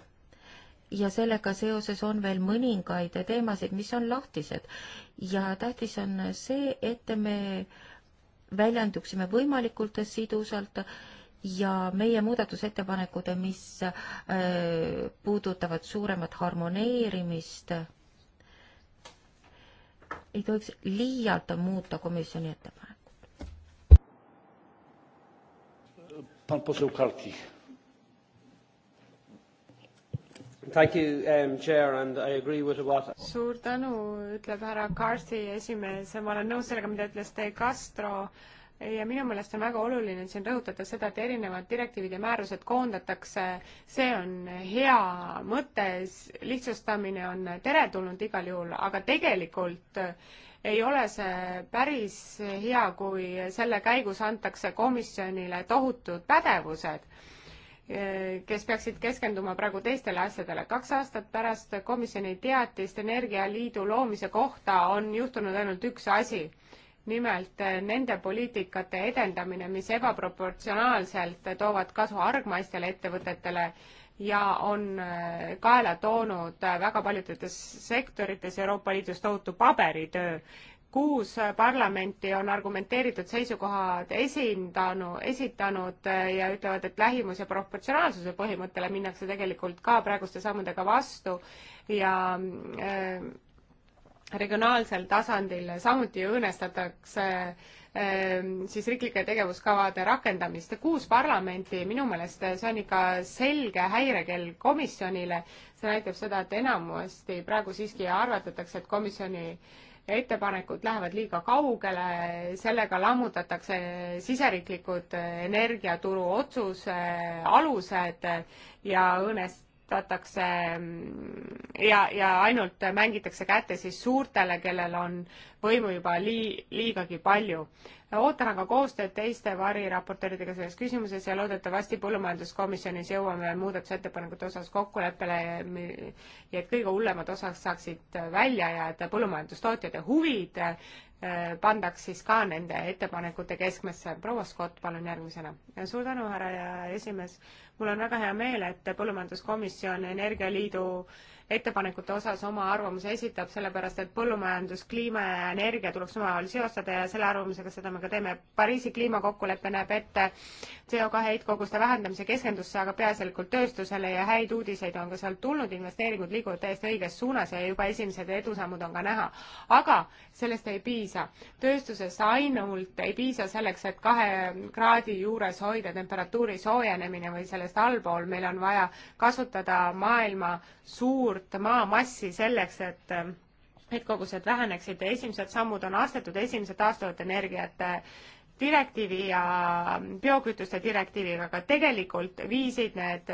ja sellega seoses on veel mõningaid teemasid, mis on lahtised. ja tähtis on see, et me äh, väljenduksime võimalikult sidusalt ja meie muudatusettepanekud, mis äh, puudutavad suuremat harmoneerimist, ei tohiks liialt muuta komisjoni ettepanekut. pan poseł Kartich Thank you, um, Chair, and I agree with what... suur
tänu, ütleb härra Carthy, esimees, ma olen nõus sellega, mida ütles De Castro ja minu meelest on väga oluline siin rõhutada seda, et erinevad direktiivid ja määrused koondatakse, see on hea mõte, lihtsustamine on teretulnud igal juhul, aga tegelikult ei ole see päris hea, kui selle käigus antakse komisjonile tohutud pädevused kes peaksid keskenduma praegu teistele asjadele. kaks aastat pärast komisjoni teatist Energialiidu loomise kohta on juhtunud ainult üks asi. nimelt eh, nende poliitikate edendamine, mis ebaproportsionaalselt toovad kasu hargmaistele ettevõtetele ja on eh, kaela toonud eh, väga paljudes sektorites Euroopa Liidus tohutu paberitöö, kuus parlamenti on argumenteeritud seisukohad esindanu, esitanud äh, ja ütlevad, et lähimus- ja proportsionaalsuse põhimõttele minnakse tegelikult ka praeguste sammudega vastu ja äh, regionaalsel tasandil samuti õõnestatakse äh, siis riiklike tegevuskavade rakendamist. kuus parlamenti, minu meelest see on ikka selge häirekell komisjonile, see näitab seda, et enamasti praegu siiski arvatatakse, et komisjoni äh, ja ettepanekud lähevad liiga kaugele, sellega lammutatakse siseriiklikud energiaturu otsuse alused ja õõnestatakse ja, ja ainult mängitakse kätte siis suurtele, kellel on võimu juba lii-, liigagi palju ootan aga koostööd teiste variraportööridega selles küsimuses ja loodetavasti põllumajanduskomisjonis jõuame muudatusettepanekute osas kokkuleppele ja et kõige hullemad osad saaksid välja ja et põllumajandustootjate huvid äh, pandaks siis ka nende ettepanekute keskmesse. proua Scott, palun järgmisena. suur tänu, härra esimees. mul on väga hea meel, et Põllumajanduskomisjon Energialiidu äh, ettepanekute osas oma arvamuse esitab, sellepärast et põllumajandus, kliima ja energia tuleks omavahel seostada ja selle arvamusega seda me ka teeme. Pariisi kliimakokkulepe näeb ette CO2 heitkoguste vähendamise keskendusse, aga peaasjalikult tööstusele ja häid uudiseid on ka sealt tulnud, investeeringud liiguvad täiesti õiges suunas ja juba esimesed edusammud on ka näha. aga sellest ei piisa. tööstuses ainult ei piisa selleks, et kahe kraadi juures hoida temperatuuri soojenemine või sellest allpool, meil on vaja kasutada maailma suur suurt maamassi selleks, et heitkogused väheneksid ja esimesed sammud on astetud, esimesed taastuvate energiate direktiivi ja biokütuste direktiiviga, aga tegelikult viisid need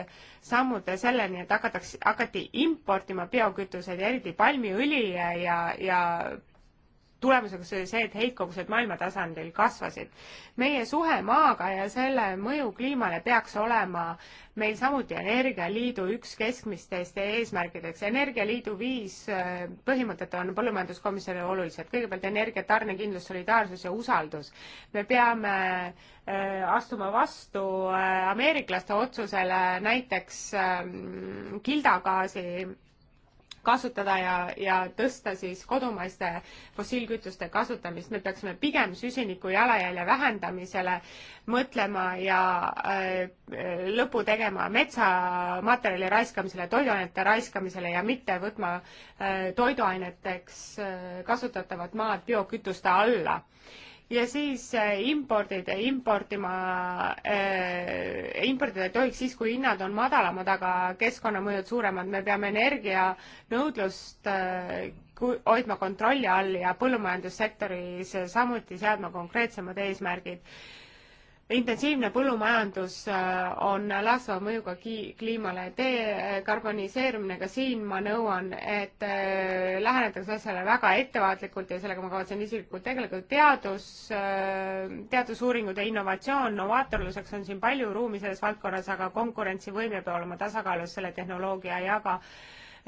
sammud selleni, et hakatakse, hakati importima biokütuseid ja eriti palmiõli ja, ja tulemuseks oli see, et heitkogused maailma tasandil kasvasid. meie suhe maaga ja selle mõju kliimale peaks olema meil samuti Energialiidu üks keskmistest eesmärkideks. energialiidu viis äh, põhimõtet on põllumajanduskomisjonile olulised. kõigepealt energia tarnekindlus, solidaarsus ja usaldus. me peame äh, astuma vastu äh, ameeriklaste otsusele näiteks ähm, kildagaasi kasutada ja, ja tõsta siis kodumaiste fossiilkütuste kasutamist. me peaksime pigem süsiniku jalajälje vähendamisele mõtlema ja äh, lõpu tegema metsamaterjali raiskamisele, toiduainete raiskamisele ja mitte võtma äh, toiduaineteks äh, kasutatavat maad biokütuste alla äh, ja siis äh, impordid, importima äh,, importida ei tohiks siis, kui hinnad on madalamad, aga keskkonnamõjud suuremad, me peame energianõudlust äh, hoidma kontrolli all ja põllumajandussektoris samuti seadma konkreetsemad eesmärgid intensiivne põllumajandus äh, on laastava mõjuga kliimale. dekarboniseerimine, ka siin ma nõuan, et äh, lähenetakse asjale väga ettevaatlikult ja sellega ma kavatsen isiklikult tegeleda. teadus, äh, teadusuuringud ja innovatsioon, novaatorluseks on siin palju ruumi selles valdkonnas, aga konkurentsivõime peab olema tasakaalus selle tehnoloogia ja ka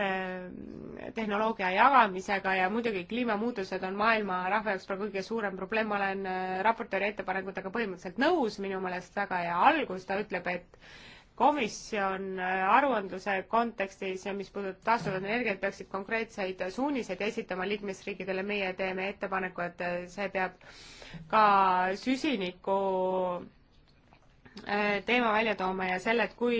Äh, tehnoloogia jagamisega ja muidugi kliimamuutused on maailma rahva jaoks praegu kõige suurem probleem, ma olen äh, raportööri ettepanekutega põhimõtteliselt nõus, minu meelest väga hea algus, ta ütleb, et komisjon äh, aruandluse kontekstis ja mis puudutab taastuvat energiat, peaksid konkreetseid suuniseid esitama liikmesriikidele, meie teeme ettepaneku, et see peab ka süsiniku Äh, teema välja tooma ja selle, et kui,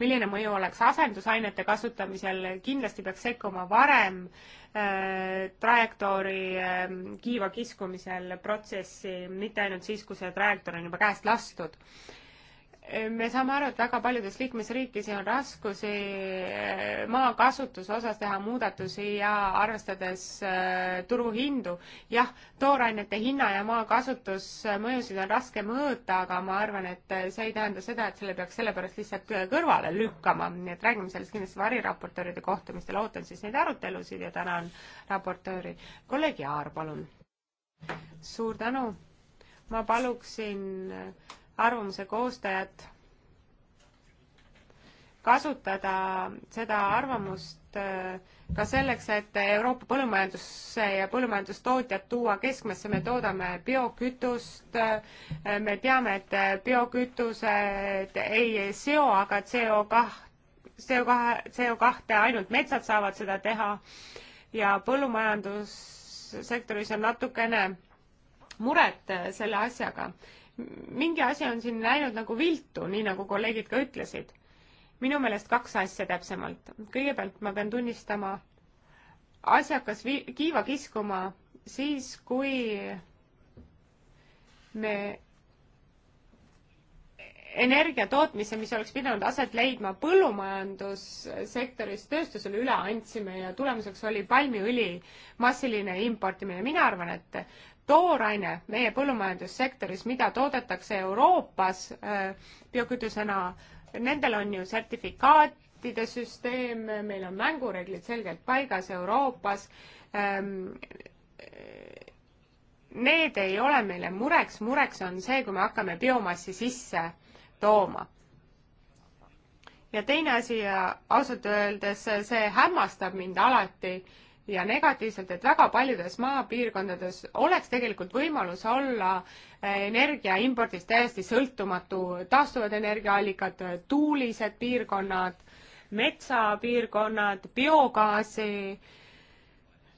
milline mõju oleks asendusainete kasutamisel, kindlasti peaks sekkuma varem äh, trajektoori äh, kiiva kiskumisel protsessi, mitte ainult siis, kui see trajektoor on juba käest lastud me saame aru, et väga paljudes liikmesriikides on raskusi eh, maakasutuse osas teha muudatusi ja arvestades eh, turuhindu. jah, toorainete hinna ja maakasutusmõjusid on raske mõõta, aga ma arvan, et see ei tähenda seda, et selle peaks sellepärast lihtsalt kõrvale lükkama, nii et räägime sellest kindlasti variraportööride kohtumistel, ootan siis neid arutelusid ja tänan raportööri. kolleeg Jaar, palun. suur tänu. ma paluksin arvamuse koostajat kasutada seda arvamust äh, ka selleks, et Euroopa põllumajandusse ja põllumajandustootjad tuua keskmesse, me toodame biokütust, äh, me teame, et biokütused ei seo aga CO kaht, CO kahe, CO kahte, ainult metsad saavad seda teha ja põllumajandussektoris on natukene muret äh, selle asjaga mingi asi on siin läinud nagu viltu, nii nagu kolleegid ka ütlesid. minu meelest kaks asja täpsemalt. kõigepealt ma pean tunnistama, asi hakkas vi-, kiiva kiskuma siis, kui me energia tootmise, mis oleks pidanud aset leidma põllumajandussektoris tööstusele üle andsime ja tulemuseks oli palmiõli massiline importimine. mina arvan, et tooraine meie põllumajandussektoris, mida toodetakse Euroopas äh, biokütusena, nendel on ju sertifikaatide süsteem, meil on mängureeglid selgelt paigas Euroopas. Ähm, need ei ole meile mureks, mureks on see, kui me hakkame biomassi sisse tooma ja teine asi, ausalt öeldes see hämmastab mind alati, ja negatiivselt, et väga paljudes maapiirkondades oleks tegelikult võimalus olla eh, energia impordist täiesti sõltumatu, taastuvad energiaallikad, tuulised piirkonnad, metsapiirkonnad, biogaasi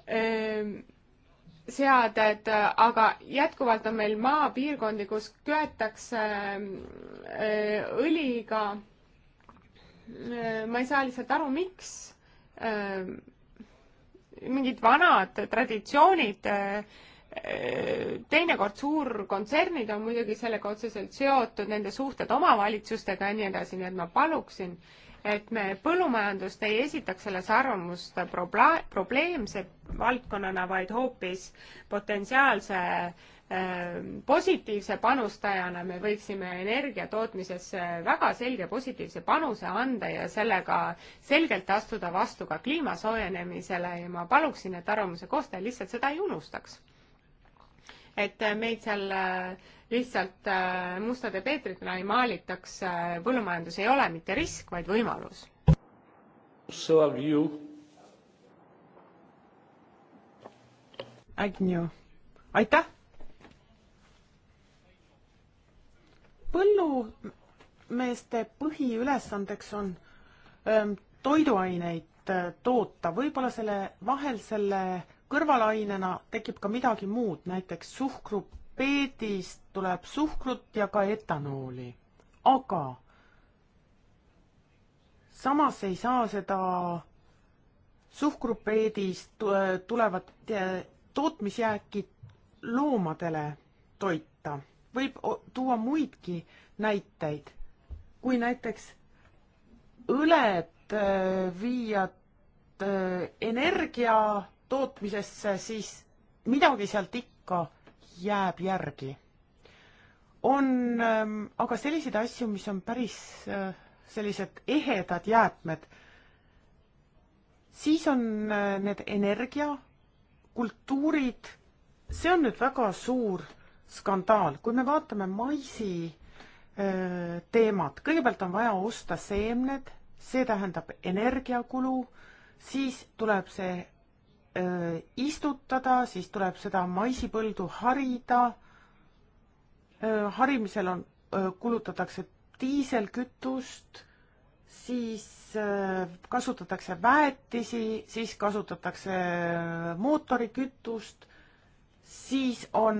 eh, seaded, aga jätkuvalt on meil maapiirkondi, kus köetakse eh, õliga. ma ei saa lihtsalt aru, miks mingid vanad traditsioonid, äh, teinekord suurkontsernid on muidugi sellega otseselt seotud, nende suhted omavalitsustega ja nii edasi, nii et ma paluksin, et me põllumajandust ei esitaks selles arvamust probla-, probleemse valdkonnana, vaid hoopis potentsiaalse äh, Ehm, positiivse panustajana me võiksime energia tootmisesse väga selge positiivse panuse anda ja sellega selgelt astuda vastu ka kliima soojenemisele ja ma paluksin, et arvamuse koostaja lihtsalt seda ei unustaks. et meid seal äh, lihtsalt äh, mustade peetritena ei maalitaks, äh, põllumajandus ei ole mitte risk, vaid võimalus.
So are you?
Agnew. aitäh põllumeeste põhiülesandeks on öö, ähm, toiduaineid äh, toota, võib-olla selle vahel selle kõrvalainena tekib ka midagi muud, näiteks suhkrupeedist tuleb suhkrut ja ka etanooli, aga samas ei saa seda suhkrupeedist äh, tulevat äh, tootmisjääki loomadele toita võib tuua muidki näiteid, kui näiteks õled äh, viiad äh, energia tootmisesse, siis midagi sealt ikka jääb järgi. on ähm, aga selliseid asju, mis on päris äh, sellised ehedad jäätmed, siis on need energiakultuurid, see on nüüd väga suur skandaal, kui me vaatame maisi teemat, kõigepealt on vaja osta seemned, see tähendab energiakulu, siis tuleb see öö, istutada, siis tuleb seda maisipõldu harida. harimisel on, kulutatakse diiselkütust, siis öö, kasutatakse väetisi, siis kasutatakse mootorikütust siis on,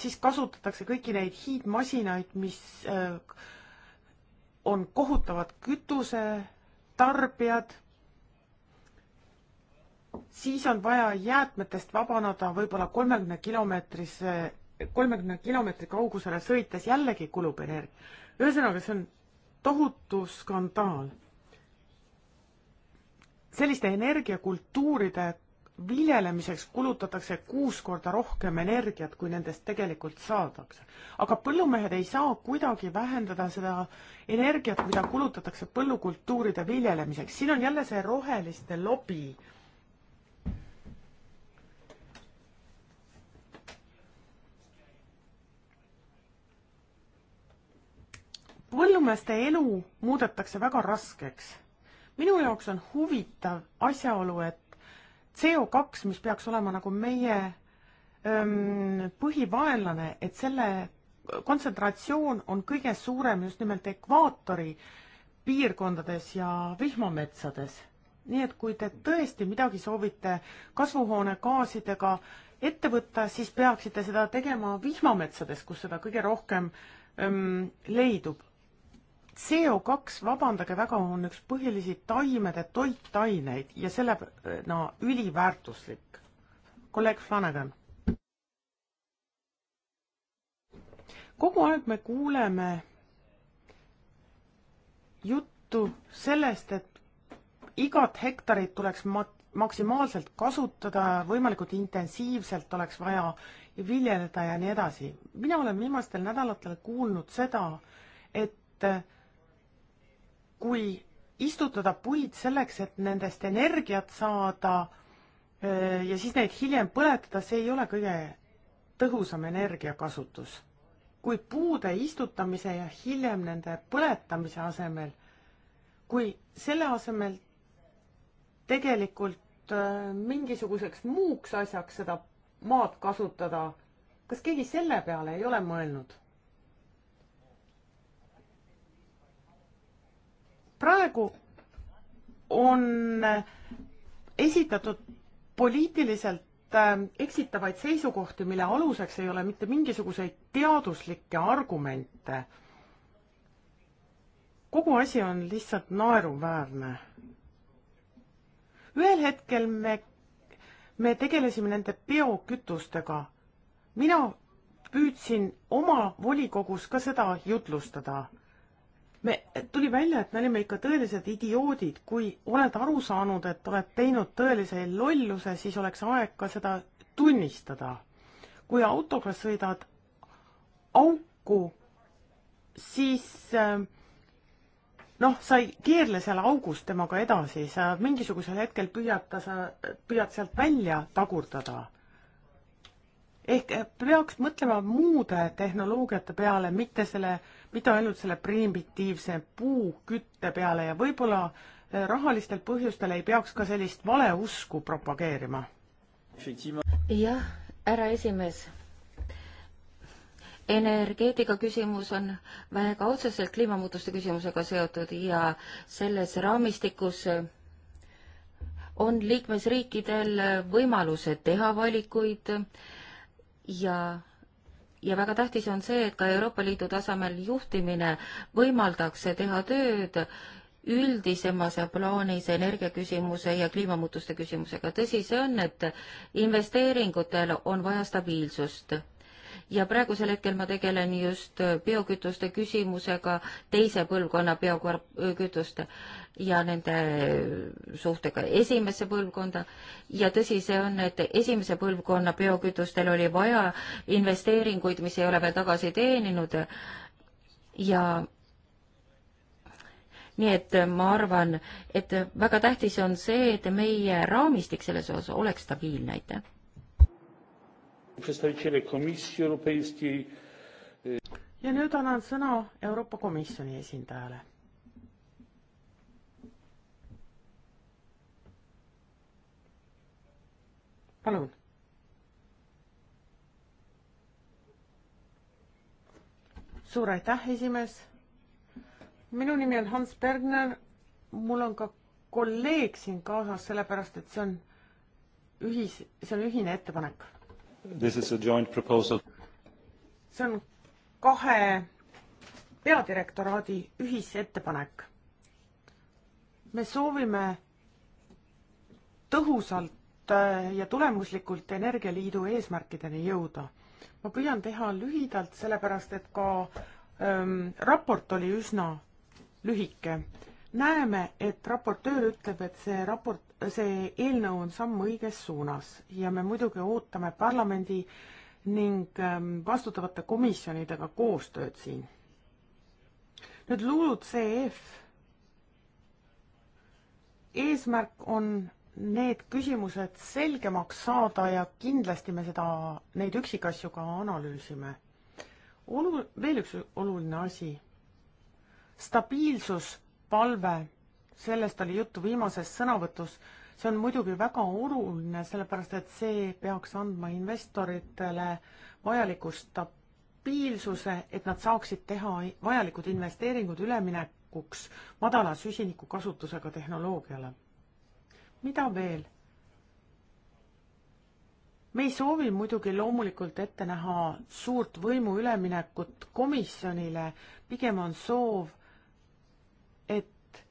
siis kasutatakse kõiki neid hiidmasinaid, mis äh, on kohutavad kütusetarbijad, siis on vaja jäätmetest vabaneda võib-olla kolmekümne kilomeetrise, kolmekümne kilomeetri kaugusele sõites, jällegi kulub energia. ühesõnaga, see on tohutu skandaal selliste energiakultuuride viljelemiseks kulutatakse kuus korda rohkem energiat, kui nendest tegelikult saadakse. aga põllumehed ei saa kuidagi vähendada seda energiat, mida kulutatakse põllukultuuride viljelemiseks. siin on jälle see roheliste lobi. põllumeeste elu muudetakse väga raskeks minu jaoks on huvitav asjaolu, et CO2, mis peaks olema nagu meie öm, põhivaenlane, et selle kontsentratsioon on kõige suurem just nimelt ekvaatori piirkondades ja vihmametsades. nii et kui te tõesti midagi soovite kasvuhoonegaasidega ette võtta, siis peaksite seda tegema vihmametsades, kus seda kõige rohkem öm, leidub CO2, vabandage väga, on üks põhilisi taimede toitaineid ja selle no, üliväärtuslik. kolleeg Flanagan. kogu aeg me kuuleme juttu sellest, et igat hektarit tuleks mat-, maksimaalselt kasutada, võimalikult intensiivselt oleks vaja viljeleda ja nii edasi. mina olen viimastel nädalatel kuulnud seda, et kui istutada puid selleks, et nendest energiat saada eh, ja siis neid hiljem põletada, see ei ole kõige tõhusam energiakasutus. kui puude istutamise ja hiljem nende põletamise asemel, kui selle asemel tegelikult eh, mingisuguseks muuks asjaks seda maad kasutada, kas keegi selle peale ei ole mõelnud? praegu on esitatud poliitiliselt ähm, eksitavaid seisukohti, mille aluseks ei ole mitte mingisuguseid teaduslikke argumente. kogu asi on lihtsalt naeruväärne. ühel hetkel me, me tegelesime nende biokütustega. mina püüdsin oma volikogus ka seda jutlustada me, tuli välja, et me olime ikka tõelised idioodid, kui oled aru saanud, et oled teinud tõelise lolluse, siis oleks aeg ka seda tunnistada. kui autoga sõidad auku, siis äh, noh, sa ei keerle seal augus temaga edasi, sa mingisugusel hetkel püüad ta, sa püüad sealt välja tagurdada ehk äh, peaks mõtlema muude tehnoloogiate peale, mitte selle äh, mitte ainult selle primitiivse puukütte peale ja võib-olla eh, rahalistel põhjustel ei peaks ka sellist valeusku propageerima.
jah, härra esimees, energeetika küsimus on väga otseselt kliimamuutuste küsimusega seotud ja selles raamistikus eh, on liikmesriikidel eh, võimalused teha valikuid ja ja väga tähtis on see, et ka Euroopa Liidu tasemel juhtimine võimaldaks teha tööd üldisemas plaanis energiaküsimuse ja kliimamuutuste küsimusega. tõsi see on, et investeeringutel on vaja stabiilsust ja praegusel hetkel ma tegelen just äh, biokütuste küsimusega, teise põlvkonna biokütuste äh, ja nende äh, suhtega esimesse põlvkonda. ja tõsi see on, et esimese põlvkonna biokütustel oli vaja investeeringuid, mis ei ole veel tagasi teeninud ja nii et ma arvan, et väga tähtis on see, et meie raamistik selles osas oleks stabiilne, aitäh ja nüüd
annan sõna Euroopa Komisjoni esindajale. palun. suur aitäh, esimees. minu nimi on Hans Bergner. mul on ka kolleeg siin kaasas, sellepärast et see on ühis, see on ühine ettepanek
see
on kahe peadirektoraadi ühisettepanek. me soovime tõhusalt äh, ja tulemuslikult Energialiidu eesmärkideni jõuda. ma püüan teha lühidalt, sellepärast et ka ähm, raport oli üsna lühike näeme, et raportöör ütleb, et see raport, see eelnõu on samm õiges suunas ja me muidugi ootame parlamendi ning ähm, vastutavate komisjonidega koostööd siin. nüüd LULUCF. eesmärk on need küsimused selgemaks saada ja kindlasti me seda, neid üksikasju ka analüüsime. olu-, veel üks oluline asi. stabiilsus palve, sellest oli juttu viimases sõnavõtus, see on muidugi väga oluline, sellepärast et see peaks andma investoritele vajaliku stabiilsuse, et nad saaksid teha vajalikud investeeringud üleminekuks madala süsinikukasutusega tehnoloogiale. mida veel? me ei soovi muidugi loomulikult ette näha suurt võimu üleminekut komisjonile, pigem on soov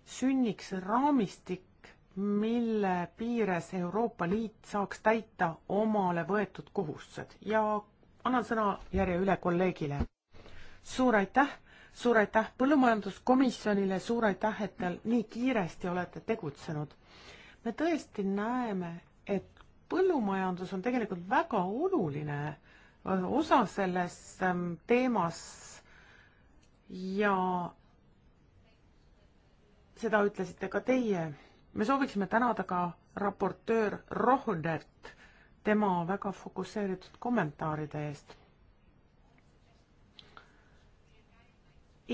sünniks raamistik, mille piires Euroopa Liit saaks täita omale võetud kohustused ja annan sõna järje üle kolleegile. suur aitäh, suur aitäh Põllumajanduskomisjonile, suur aitäh, et te nii kiiresti olete tegutsenud. me tõesti näeme, et põllumajandus on tegelikult väga oluline osa selles ähm, teemas ja seda ütlesite ka teie. me sooviksime tänada ka raportöör Rohnert tema väga fokusseeritud kommentaaride eest.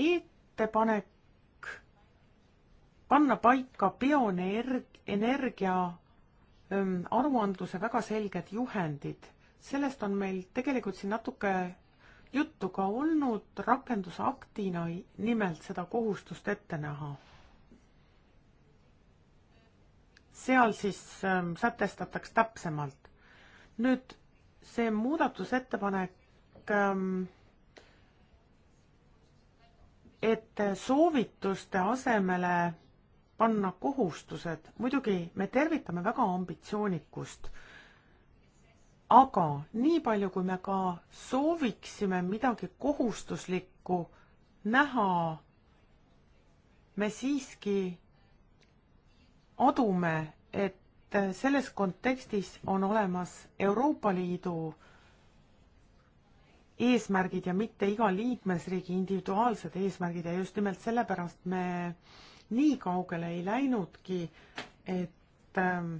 ettepanek panna paika bioenergia ähm, aruandluse väga selged juhendid, sellest on meil tegelikult siin natuke juttu ka olnud rakendusaktina nimelt seda kohustust ette näha seal siis ähm, sätestataks täpsemalt. nüüd see muudatusettepanek, ähm, et soovituste asemele panna kohustused, muidugi me tervitame väga ambitsioonikust, aga nii palju, kui me ka sooviksime midagi kohustuslikku näha, me siiski adume, et selles kontekstis on olemas Euroopa Liidu eesmärgid ja mitte iga liikmesriigi individuaalsed eesmärgid ja just nimelt sellepärast me nii kaugele ei läinudki, et ähm,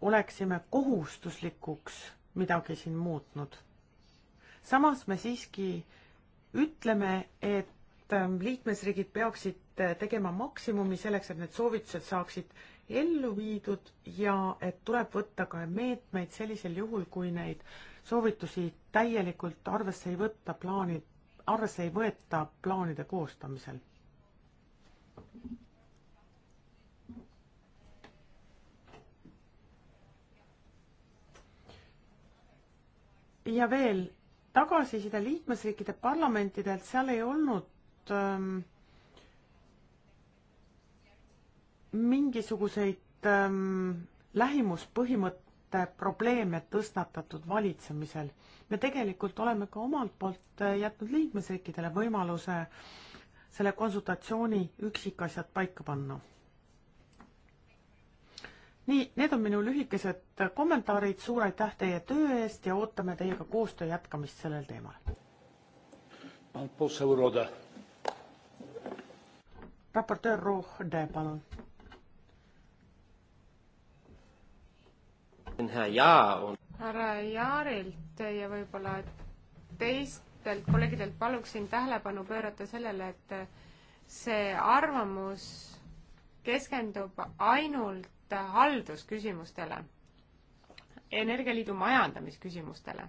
oleksime kohustuslikuks midagi siin muutnud. samas me siiski ütleme, et Ähm, liikmesriigid peaksid äh, tegema maksimumi selleks, et need soovitused saaksid ellu viidud ja et tuleb võtta ka meetmeid sellisel juhul, kui neid soovitusi täielikult arvesse ei võtta plaani, arvesse ei võeta plaanide koostamisel. ja veel tagasiside liikmesriikide parlamentidelt, seal ei olnud ähm, mingisuguseid ähm, lähimuspõhimõtte probleeme tõstatatud valitsemisel. me tegelikult oleme ka omalt poolt äh, jätnud liikmesriikidele võimaluse selle konsultatsiooni üksikasjad paika panna. nii, need on minu lühikesed kommentaarid, suur aitäh teie töö eest ja ootame teiega koostöö jätkamist sellel teemal. Pan
poseł Roda
raportöör Ruhde, palun.
härra Jaarilt ja võib-olla teistelt kolleegidelt paluksin tähelepanu pöörata sellele, et see arvamus keskendub ainult haldusküsimustele, Energialiidu majandamisküsimustele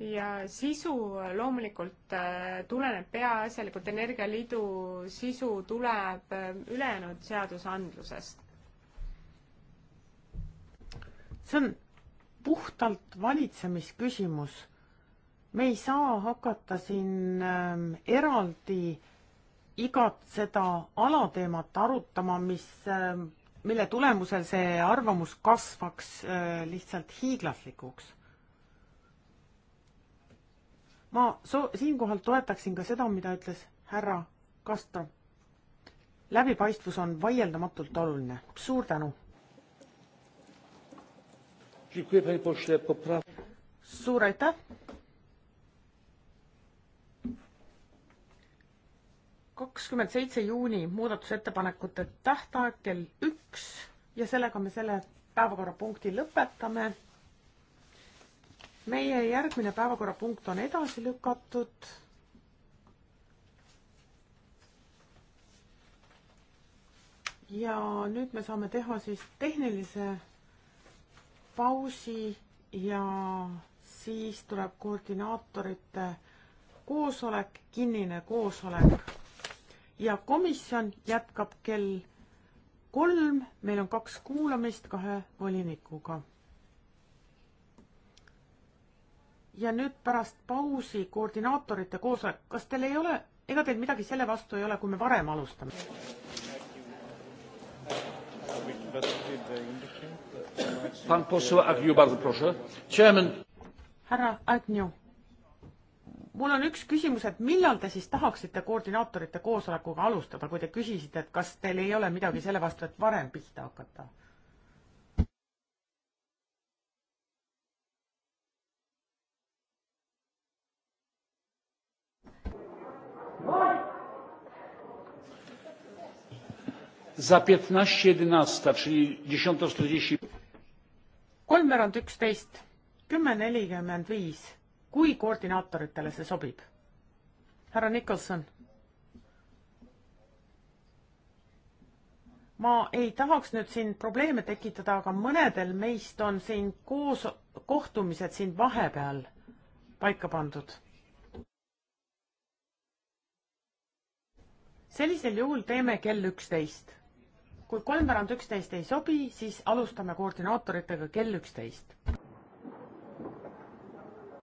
ja sisu loomulikult äh, tuleneb peaasjalikult, Energialiidu sisu tuleb äh, ülejäänud seadusandlusest.
see on puhtalt valitsemisküsimus. me ei saa hakata siin ähm, eraldi igat seda alateemat arutama, mis, ähm, mille tulemusel see arvamus kasvaks äh, lihtsalt hiiglaslikuks ma so-, siinkohal toetaksin ka seda, mida ütles härra Castro. läbipaistvus on vaieldamatult oluline. suur tänu! suur aitäh! kakskümmend seitse juuni muudatusettepanekute tähtaeg kell üks ja sellega me selle päevakorrapunkti lõpetame meie järgmine päevakorrapunkt on edasi lükatud. ja nüüd me saame teha siis tehnilise pausi ja siis tuleb koordinaatorite koosolek, kinnine koosolek ja komisjon jätkab kell kolm, meil on kaks kuulamist kahe volinikuga ja nüüd pärast pausi koordinaatorite koosolek, kas teil ei ole, ega teil midagi selle vastu ei ole, kui me varem alustame? härra Agnew, mul on üks küsimus, et millal te siis tahaksite koordinaatorite koosolekuga alustada, kui te küsisite, et kas teil ei ole midagi selle vastu, et varem pihta hakata?
za piętnaście jedenasta czyli dziesiąta czterdzieści
kolmveerand üksteist kümme nelikümmend viis kui koordinaatoritele see sobib härra Nicholson ma ei tahaks nüüd siin probleeme tekitada, aga mõnedel meist on siin koos, kohtumised siin vahepeal paika pandud. sellisel juhul teeme kell üksteist kui kolmveerand üksteist ei sobi, siis alustame koordinaatoritega kell üksteist.